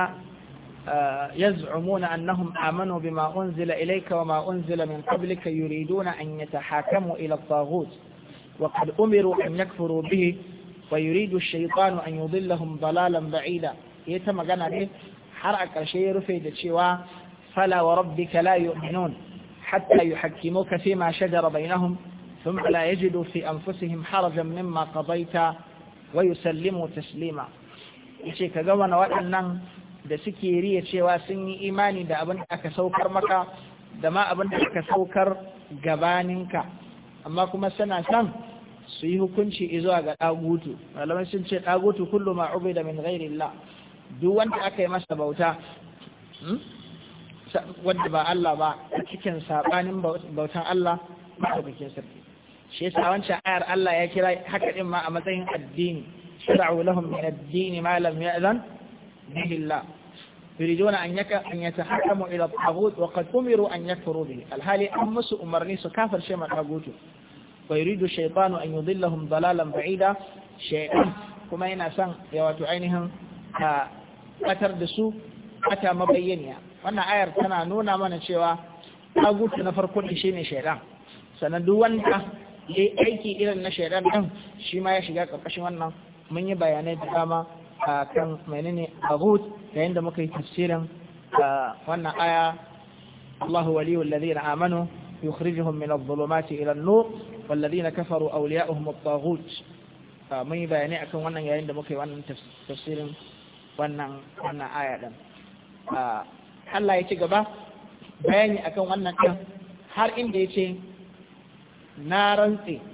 آه، يزعمون أنهم آمنوا بما أنزل إليك وما أنزل من قبلك يريدون أن يتحاكموا إلى الطاغوت وقد أمروا أن يكفروا به ويريد الشيطان أن يضلهم ضلالا بعيدا يتم إيه قنا به حرق الشيء رفيد الشيوى فلا وربك لا يؤمنون حتى يحكموك فيما شجر بينهم ثم لا يجدوا في أنفسهم حرجا مما قضيت ويسلموا تسليما yace ka ga mana waɗannan da suke riya cewa sun yi imani da abin da aka saukar maka da ma abin da aka saukar gabaninka amma kuma suna san su yi hukunci zuwa ga ɗagutu malamai sun ce ɗagutu kullu ma ubida min ghairillah duk wanda aka yi masa bauta hmm, wanda ba Allah ba cikin sabanin bautan Allah madaukakin sarki shi yasa wancan ayar Allah ya kira haka din ma a matsayin addini شرعوا لهم من الدين ما لم يأذن به الله يريدون أن, يك... أن يتحكموا إلى الطاغوت وقد أمروا أن يكفروا به الحالي أمس أمرني سكافر شما تاغوت ويريد الشيطان أن يضلهم ضلالا بعيدا شيئا كما ينسان يوات عينهم أتر دسو أتى مبينيا وأن آير كان نونا من شوا تاغوت نفر كل شيء شيئا سندوان ya aiki irin na shaidan ɗin shi ma ya shiga ƙarƙashin wannan mun yi bayanai da dama a kan menene abud yayin da muka yi tafsirin wannan aya Allahu waliyul ladina amanu yukhrijuhum min adh-dhulumati ila an-nur wal ladina kafaru awliya'uhum at-taghut mun yi bayanai akan wannan yayin da muka yi wannan tafsirin wannan wannan aya din Allah ya ci gaba bayani akan wannan har inda yace na rantse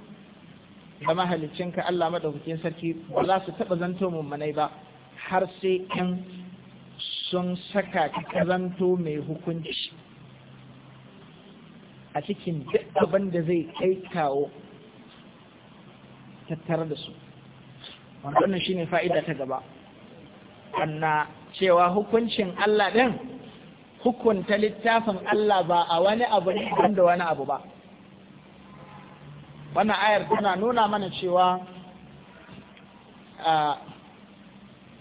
da mahalicinka Allah madaukakin sarki ba za su taɓa zanto mummunai ba har sai in sun saka ka zanto mai hukunci a cikin duk abin da zai kai kawo tattare da su wannan shine fa'ida ta gaba anna cewa hukuncin Allah ɗin hukunta littafin Allah ba a wani abu ne da wani abu ba wannan ayar tana nuna mana cewa a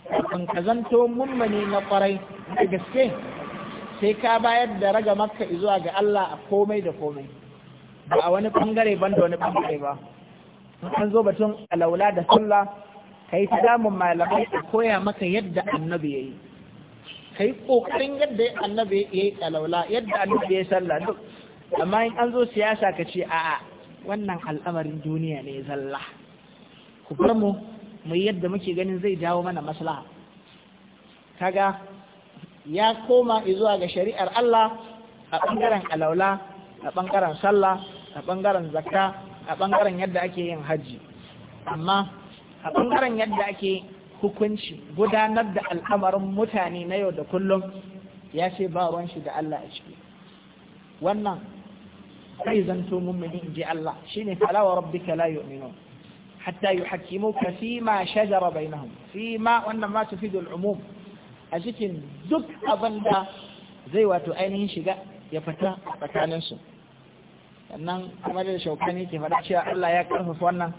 kan kazanto mummuni na kwarai da gaske sai ka bayar da raga maka zuwa ga Allah a komai da komai ba a wani bangare ban da wani bangare ba an zo batun alaula da Sulla, kai ta damun malamai a koya maka yadda annabi Ka yi kokarin yadda annabi yi alaula yadda annabi yi sallah duk amma in an zo siyasa ka ce a'a wannan al'amarin duniya ne zalla ku bar mu mu yadda muke ganin zai jawo mana maslaha kaga ya koma zuwa ga shari'ar Allah a bangaren alaula a bangaren sallah a bangaren zakka a bangaren yadda ake yin haji amma a bangaren yadda ake hukunci gudanar da al'amarin mutane na yau da kullum ya ce ba ruwan shi da Allah a ciki wannan sai zanto mummuni in ji Allah shine fala wa rabbika la yu'minun hatta yuhakkimuka fi ma shajara bainahum fi ma wannan ma tufidu al-umum a cikin duk abanda zai wato ainihin shiga ya fita tsakanin su sannan kamar da shaukani ke faɗa cewa Allah ya karfafa wannan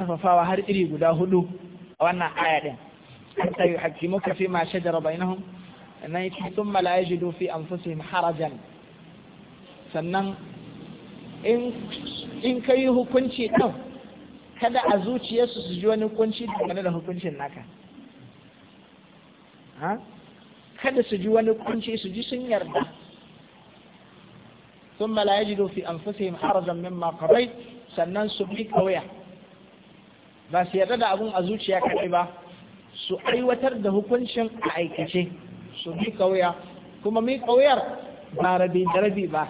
karfafawa har iri guda hudu a wannan aya din hatta yuhakkimuka fi ma shajara bainahum sannan yake thumma la fi anfusihim harajan sannan in ka yi hukunci ɗan kada a zuciyarsu su ji wani hukunci dangane da hukuncin naka kada su ji wani hukunci su ji sun yarda ثم لا يجدوا في أنفسهم zan min قضيت sannan su bi kauya ba su yarda da abun a zuciya kaɗai ba su aiwatar da hukuncin a aikace su bi kauya kuma mi kauyar ba rabi da rabi ba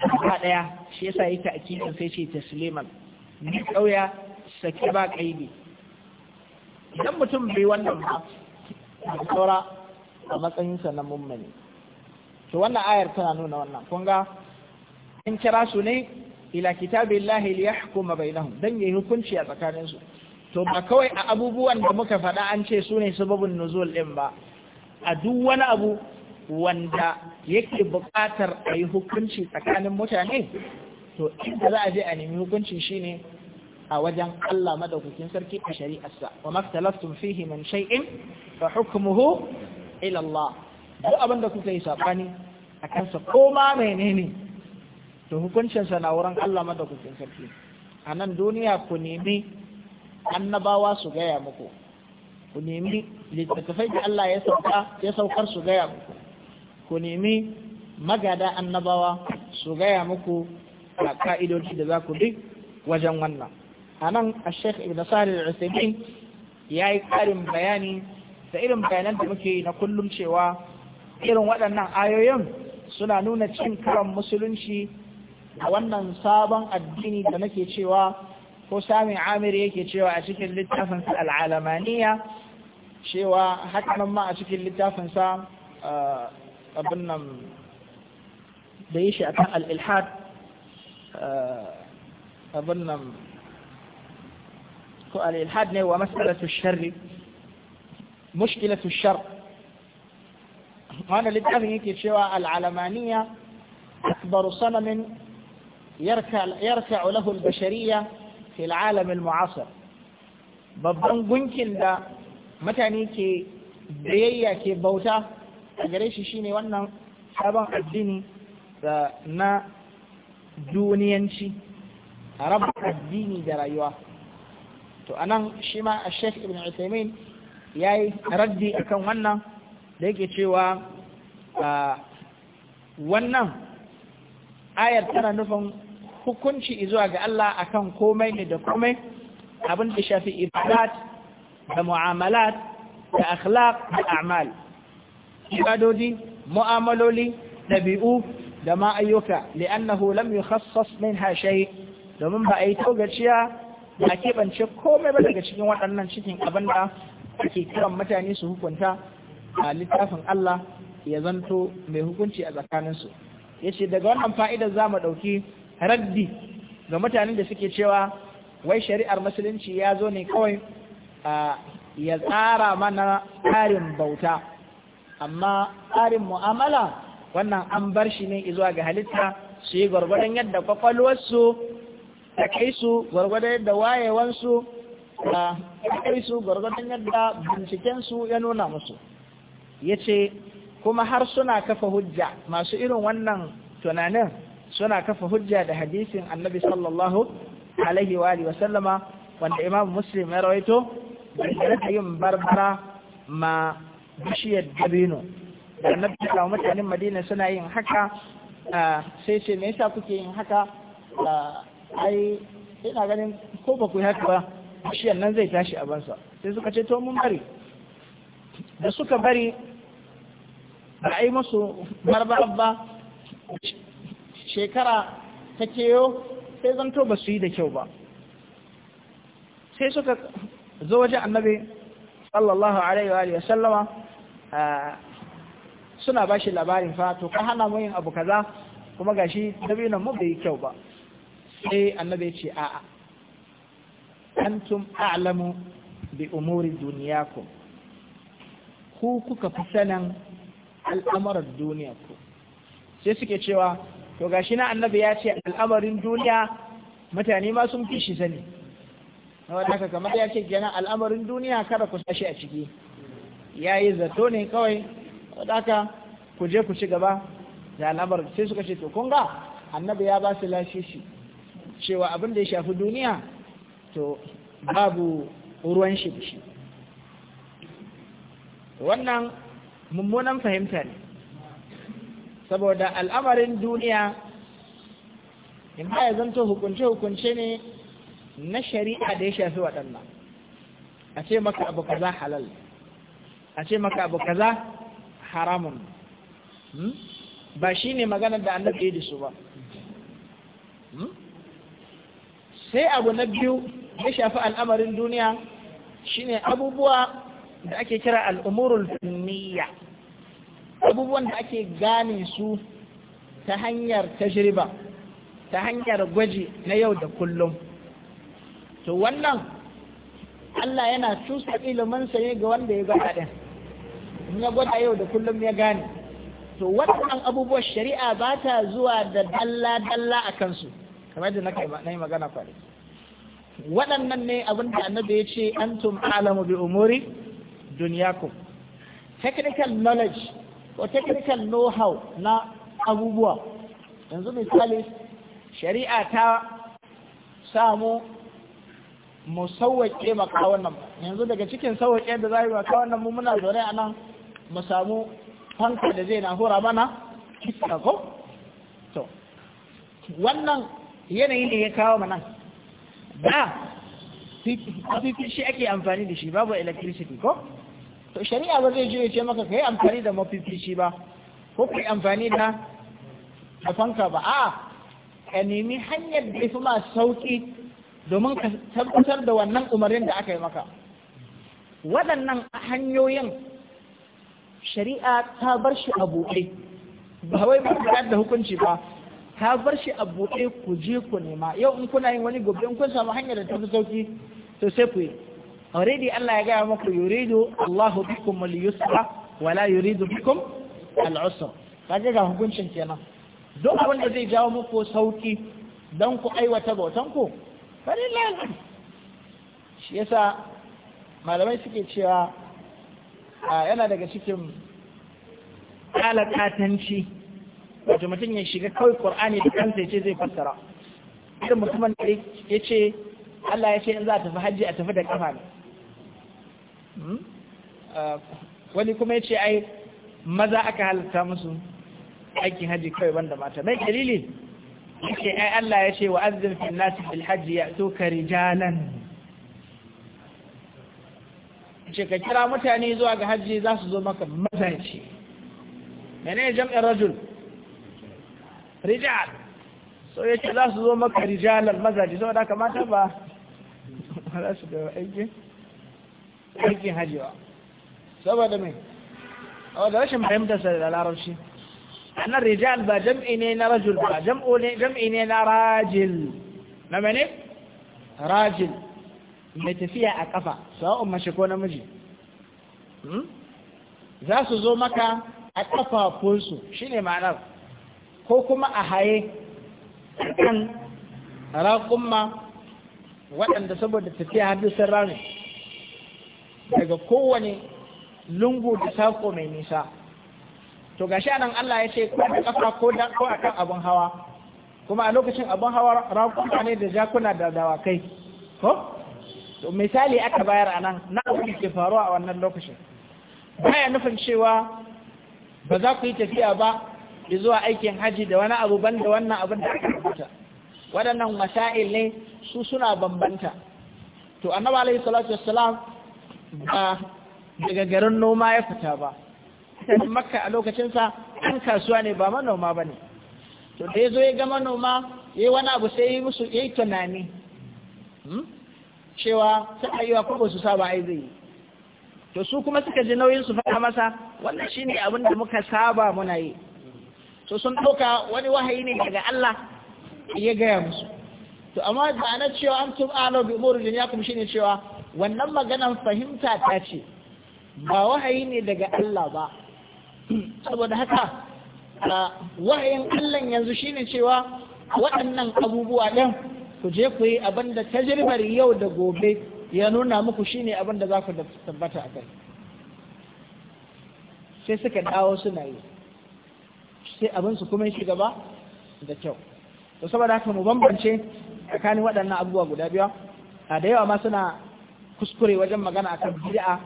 ba daya shi yasa yake akidan sai ce tasliman ni kauya saki ba kaibi idan mutum bai wannan ba saura a matsayin sa na mummuni to wannan ayar tana nuna wannan kun ga in kira su ne ila kitabillahi liyahkuma bainahum dan yayi hukunci a tsakaninsu to ba kawai a abubuwan da muka faɗa an ce su ne sababin nuzul ɗin ba a duk wani abu wanda yake buƙatar a yi hukunci tsakanin mutane to inda za a je a nemi hukuncin shine a wajen Allah madaukakin sarki a shari'arsa wa maktalaftum fihi min shay'in fa hukmuhu ila Allah duk abin da kuka yi sabani a kansa ko ma menene to hukuncin sa na wurin Allah madaukakin sarki a nan duniya ku nemi annabawa su gaya muku ku nemi littattafai da Allah ya sauka ya saukar su gaya muku ku nemi magada annabawa su gaya muku a ka'idoci da za ku bi wajen wannan a nan a sheikh ibn sari al-usaimin ya yi ƙarin bayani da irin bayanan da muke na kullum cewa irin waɗannan ayoyin suna nuna cin karan musulunci a wannan sabon addini da nake cewa ko sami amir yake cewa a cikin littafinsa al'alamaniya cewa hakanan ma a cikin littafinsa uh, قبلنا بيشي أثناء الإلحاد قبلنا آه، سؤال الإلحاد هو مسألة الشر مشكلة الشر وأنا لدعني هيك شواء العلمانية أكبر صنم يركع, يركع له البشرية في العالم المعاصر ببن قنكن دا متى نيكي بيئة كي بوتا a gare shi shine wannan sabon addini da na duniyanci a raba addini da rayuwa to anan shi ma a sheikh ibn Uthaymeen ya yi raddi kan wannan da yake cewa wannan ayar tana nufin hukunci zuwa ga Allah akan komai ne da komai abin da shafi ibadat da mu'amalat da akhlaq da a'mal ibadoji mu'amaloli dabi'u da ma ayyuka li'annahu lam yukhassas minha shay domin ba a yi togaciya ba a keɓance komai ba daga cikin waɗannan cikin abinda ake kiran mutane su hukunta a littafin Allah ya zanto mai hukunci a tsakaninsu ya ce daga wannan fa'idar za mu ɗauki raddi ga mutanen da suke cewa wai shari'ar musulunci ya zo ne kawai ya tsara mana tsarin bauta amma tsarin mu'amala wannan an bar shi ne zuwa ga halitta su yi gwargwadon yadda kwakwalwarsu ta kai su gwargwadon yadda wayewansu da kai su gwargwadon yadda bincikensu ya nuna musu ya ce kuma har suna kafa hujja masu irin wannan tunanin suna kafa hujja da hadisin annabi sallallahu alaihi wa alihi wasallama wanda imam muslim ya rawaito da yin barbara ma bishiyar dabino da annabi ya mutanen madina suna yin haka sai ce me yasa kuke yin haka ai ina ganin ko ba ku yi haka ba bishiyar nan zai tashi a bansa sai suka ce to mun bari da suka bari ba a yi musu marbar ba shekara ta keyo sai zanto ba su yi da kyau ba sai suka zo waje annabi sallallahu alaihi wa sallama Ah, suna ba shi labarin fa to ka hana mu yin abu kaza kuma gashi dabinan mu bai kyau ba sai annabi ya ce a'a antum a'lamu bi umuri duniyakum ku kuka fi sanin al'amarar duniya ku sai suke cewa to gashi na annabi ya ce al'amarin duniya mutane ma sun fi shi sani na wadda haka kamar ya ce al'amarin duniya kada ku sashi a ciki ya yi zato ne kawai wadaka ku je ku ci gaba da al'amar sai suka ce kun ga annabi ya ba su lashe shi cewa abin da ya shafi duniya to babu ruwan shi shi wannan mummunan fahimta ne saboda al'amarin duniya in ba ya zanto hukunce-hukunce ne na shari'a da ya shafi waɗannan a ce maka abu kaza halal a ce maka abu kaza haramun hmm? ba shi ne maganar da an ya da su ba hmm? sai abu na biyu ya shafi al'amarin duniya shi ne abubuwa da ake kira al'umurul duniya abubuwan da ake gane su ta hanyar tajriba ta hanyar gwaji na yau da kullum to wannan Allah yana cusa ilimin sa ne ga wanda ya ga haɗin in ya gwada yau da kullum ya gane to waɗannan abubuwan shari'a ba ta zuwa da dalla-dalla a kansu kamar da na yi magana kwari waɗannan ne abin da annabi ya ce antum alamu bi umuri duniyakum technical knowledge ko technical know-how na abubuwa yanzu misali shari'a ta samu mu sauwaƙe maka wannan yanzu daga cikin sauwaƙe da za a yi maka wannan mu muna zaune a nan mu samu fanka da zai na hura mana kisa ko to wannan yanayi ne ya kawo mana da fifi shi ake amfani da shi babu electricity ko to shari'a ba zai je ce maka ka yi amfani da mafifici ba ko kai amfani da fanka ba a ka nemi hanyar da ya fi ma sauki domin ka tabbatar da wannan umarnin da aka yi maka waɗannan hanyoyin shari'a ta bar shi a buɗe ba wai ba da hukunci ba ta bar shi a buɗe ku je ku nema yau in kuna yin wani gobe in kun samu hanyar da ta fi sauki to sai ku yi already Allah ya gaya muku yuridu Allahu bikum al-yusra wala yuridu bikum al-usra kaje ga hukuncin kenan duk abin da zai jawo muku sauki dan ku aiwata bautan ku bari lalai shi yasa malamai suke cewa yana daga cikin alaƙatanci wato mutum ya shiga kawai ƙur'ani da kansa ya ce zai fassara irin mutumin da ya ce Allah ya ce in za a tafi hajji a tafi da ƙafa ne hmm? wani kuma ya ce ai maza aka halatta musu aikin hajji kawai banda mata mai dalili ya ce ai Allah ya ce wa azzin fil nasi fil hajji ya tuka rijalan ce ka kira mutane zuwa ga hajji za su zo maka mazaje mene jam'in rajul rijal so yake za su zo maka rijalan mazaje saboda da kamata ba za su da aikin aikin hajji ba saboda mai saboda rashin fahimtar sa da larabci annan rijal ba jam'i ne na rajul ba jam'i ne na rajil na mene rajil mai tafiya a kafa sa'o'in mace ko namiji hmm? za su zo maka a Shi ne ma'anar ko kuma a haye kan raƙumma waɗanda saboda tafiya sun rami daga kowane lungu da saƙo mai nisa to gashi anan Allah ya ce ko a ƙafa ko a kan abin hawa kuma a lokacin abin hawa raƙumma ne da jakuna da dawakai ko misali aka bayar a nan na abin ke faruwa a wannan lokacin baya nufin cewa ba za ku yi tafiya ba zuwa aikin haji da wani abu banda wannan abin da aka rubuta waɗannan masail ne su suna bambanta to annabi alaihi salatu wassalam ba daga garin noma ya fita ba makka a lokacinsa an kasuwa ne ba manoma ba ne to da ya zo ya ga manoma ya yi wani abu sai yi musu ya yi tunani hmm? cewa suna yi wa ko su saba ai zai to su kuma suka ji nauyin su faɗa masa wannan shine abin da muka saba muna yi to sun ɗauka wani wahayi ne daga Allah ya gaya musu to amma ba na cewa an tum ala bi umuri dunyakum shine cewa wannan maganan fahimta ta ce ba wahayi ne daga Allah ba saboda haka wahayin Allah yanzu shine cewa waɗannan abubuwa ɗin ku je ku yi abin da tajirbar yau da gobe ya nuna muku shine abin da za ku tabbata a kai sai suka dawo suna yi sai abin su kuma shi gaba da kyau to saboda haka mu bambance tsakanin waɗannan abubuwa guda biyu a da yawa ma suna kuskure wajen magana a kan bid'a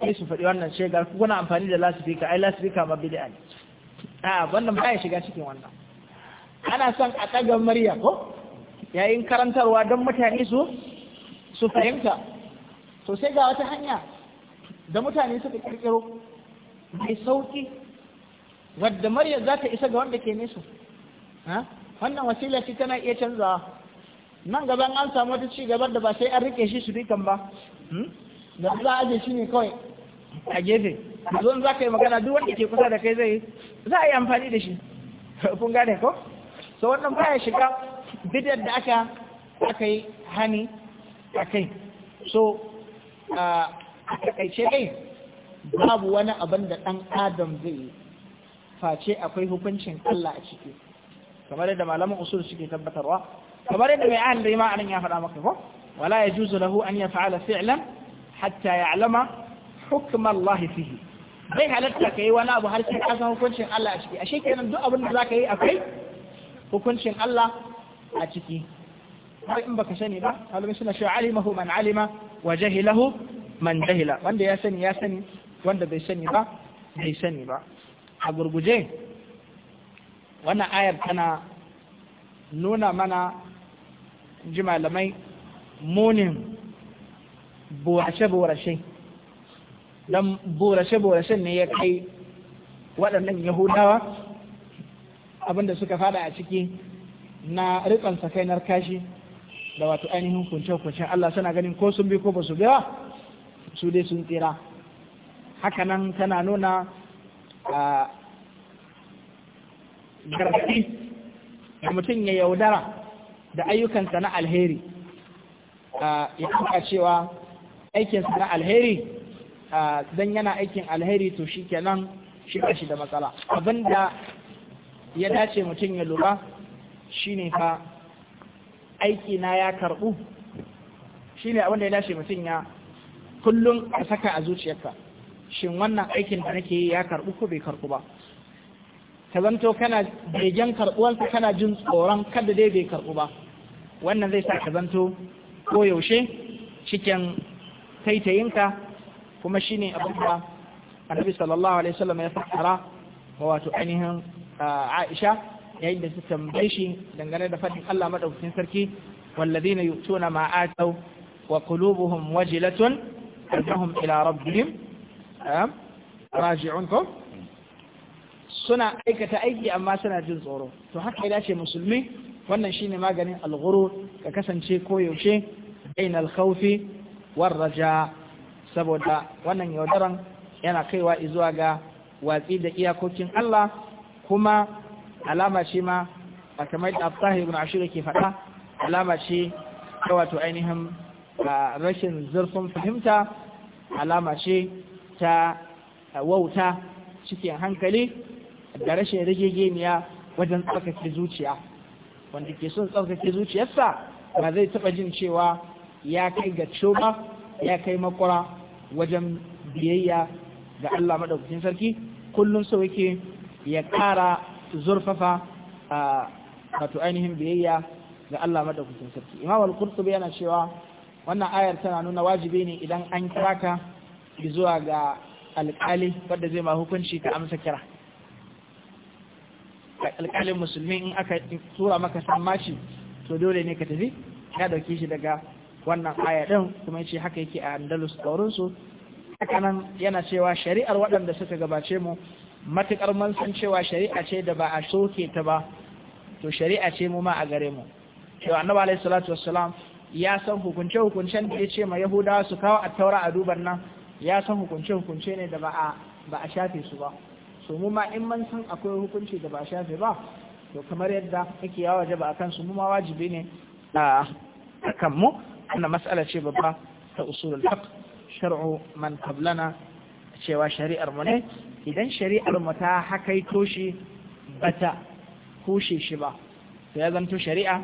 sai su faɗi wannan shegar ku kuna amfani da lasifika ai lasifika ma bid'a ne a wannan ba ya shiga cikin wannan ana son a ɗaga murya ko yayin karantarwa don mutane su su fahimta to sai ga wata hanya da mutane suka kirkiro mai sauki wadda murya za ta isa ga wanda ke nesa wannan wasila ce tana iya canzawa nan gaban an samu wata ci gabar da ba sai an rike shi su rikon ba hmm? da za a shi ne kawai a gefe zo za ka yi magana duk wanda ke kusa da kai zai za a yi amfani da shi kun gane ko so wannan baya shiga bidar da aka aka yi hani a kai so a takaice dai babu wani abin da ɗan adam zai yi face akwai hukuncin Allah a ciki kamar yadda malaman usul suke tabbatarwa kamar yadda mai ahal da ma anan ya faɗa maka ko wala yajuzu lahu an yaf'ala fi'lan hatta ya'lama hukm Allah fihi bai halatta kai wani abu har sai ka san hukuncin Allah a ciki ashe kenan duk abin da zaka yi akwai hukuncin Allah a ciki har in baka sani ba malamai suna cewa alimahu man alima wa jahilahu man jahila wanda ya sani ya sani wanda bai sani ba bai sani ba a gurguje wannan ayar tana nuna mana ji malamai munin borace-borace don borace-borace ne ya kai waɗannan yahudawa abinda suka fada a ciki na rikan sakai kashi da wato ainihin kunce kunce Allah suna ganin ko sun bi ko ba su biya su dai sun tsira Haka nan tana nuna a gargaɗi da mutum ya yaudara da ayyukansa na alheri ya kuka cewa aikinsa na alheri don yana aikin alheri to shi kenan shi shi da matsala abinda ya dace mutum ya lura ne fa aiki na ya karɓu shine ne abinda ya dace mutum ya kullum a saka a zuciyarka shin wannan aikin da nake yi ya karɓu ko bai karɓu ba ta zanto kana begen karbuwarsa kana jin tsoron kada dai bai karɓu ba wannan zai sa ka zanto ko yaushe cikin taitayinka kuma shi ne abin da annabi sallallahu alaihi wasallam ya fara wato ainihin ah, Aisha yayin da su tambaye shi dangane da fadin Allah madaukakin sarki walladina yu'tuna ma ataw wa qulubuhum wajilatun annahum ila rabbihim eh, raji'un ko suna aikata aiki amma suna jin tsoro to haka ya ce musulmi wannan shine maganin alghurur ka kasance koyaushe bainal khawfi war raja saboda wannan yaudaran yana kaiwa zuwa ga watsi da iyakokin Allah kuma alama ce ma a kamar da abtahi ibn ashir ke faɗa alama ce ta wato ainihin rashin zurfin fahimta alama ce ta wauta cikin hankali da rashin rigegeniya wajen tsarkake zuciya wanda ke son tsarkake zuciyarsa ba zai taɓa jin cewa ya kai ga ba ya kai makwara wajen biyayya ga Allah maɗaukacin sarki kullum sau yake ya ƙara zurfafa a wato ainihin biyayya ga Allah madaukakin sarki Imam al-Qurtubi yana cewa wannan ayar tana nuna wajibi ne idan an kira ka zuwa ga alƙali wanda zai ma hukunci ka amsa kira alƙalin musulmi in aka tura maka sammaci to dole ne ka tafi ya dauke shi daga wannan ayar din kuma yace haka yake a Andalus kaurin su yana cewa shari'ar waɗanda suka gabace mu matuƙar man san cewa shari'a ce da ba a soke ta ba to shari'a ce mu ma a gare mu cewa annabi alaihi salatu wassalam ya san hukunce hukuncen da yace ma yahudawa su kawo attaura a duban nan ya san hukunce hukunce ne da ba a ba a shafe su ba so mu ma in man san akwai hukunci da ba a shafe ba to kamar yadda yake yawa waje ba akan su mu ma wajibi ne a kan mu wannan mas'ala ce babba ta usulul haqq shar'u man qablana cewa shari'ar mu ne eh. idan shari'ar mu ta hakaito shi bata kushe shi ba to ya zanto shari'a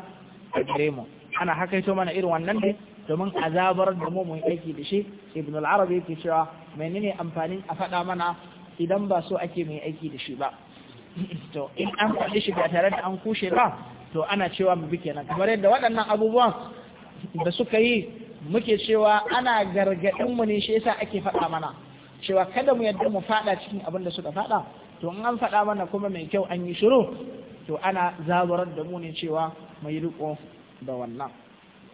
a gare mu ana hakaito mana irin wannan ne domin azabar da mu mun aiki da shi ibn al-arabi yake cewa menene amfanin a faɗa mana idan ba so ake mai aiki da shi ba to in an faɗi shi ba tare da an kushe ba to ana cewa mu bi kenan kamar yadda waɗannan abubuwan da suka yi muke cewa ana gargaɗin mu ne shi yasa ake faɗa mana cewa kada mu yadda mu fada cikin abin da suka fada to in an fada mana kuma mai kyau an yi shiru to ana zabarar da mu ne cewa mai riko da wannan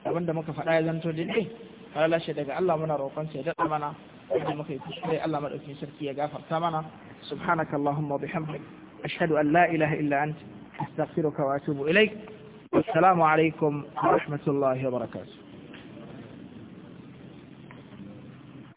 abin da muka fada ya zanto daidai halala shi daga Allah muna roƙon sai daɗa mana da muka yi kuskure Allah madaukakin sarki ya gafarta mana subhanaka allahumma bihamdik ashhadu an la ilaha illa anta astaghfiruka wa atubu ilaik alaikum wa rahmatullahi wa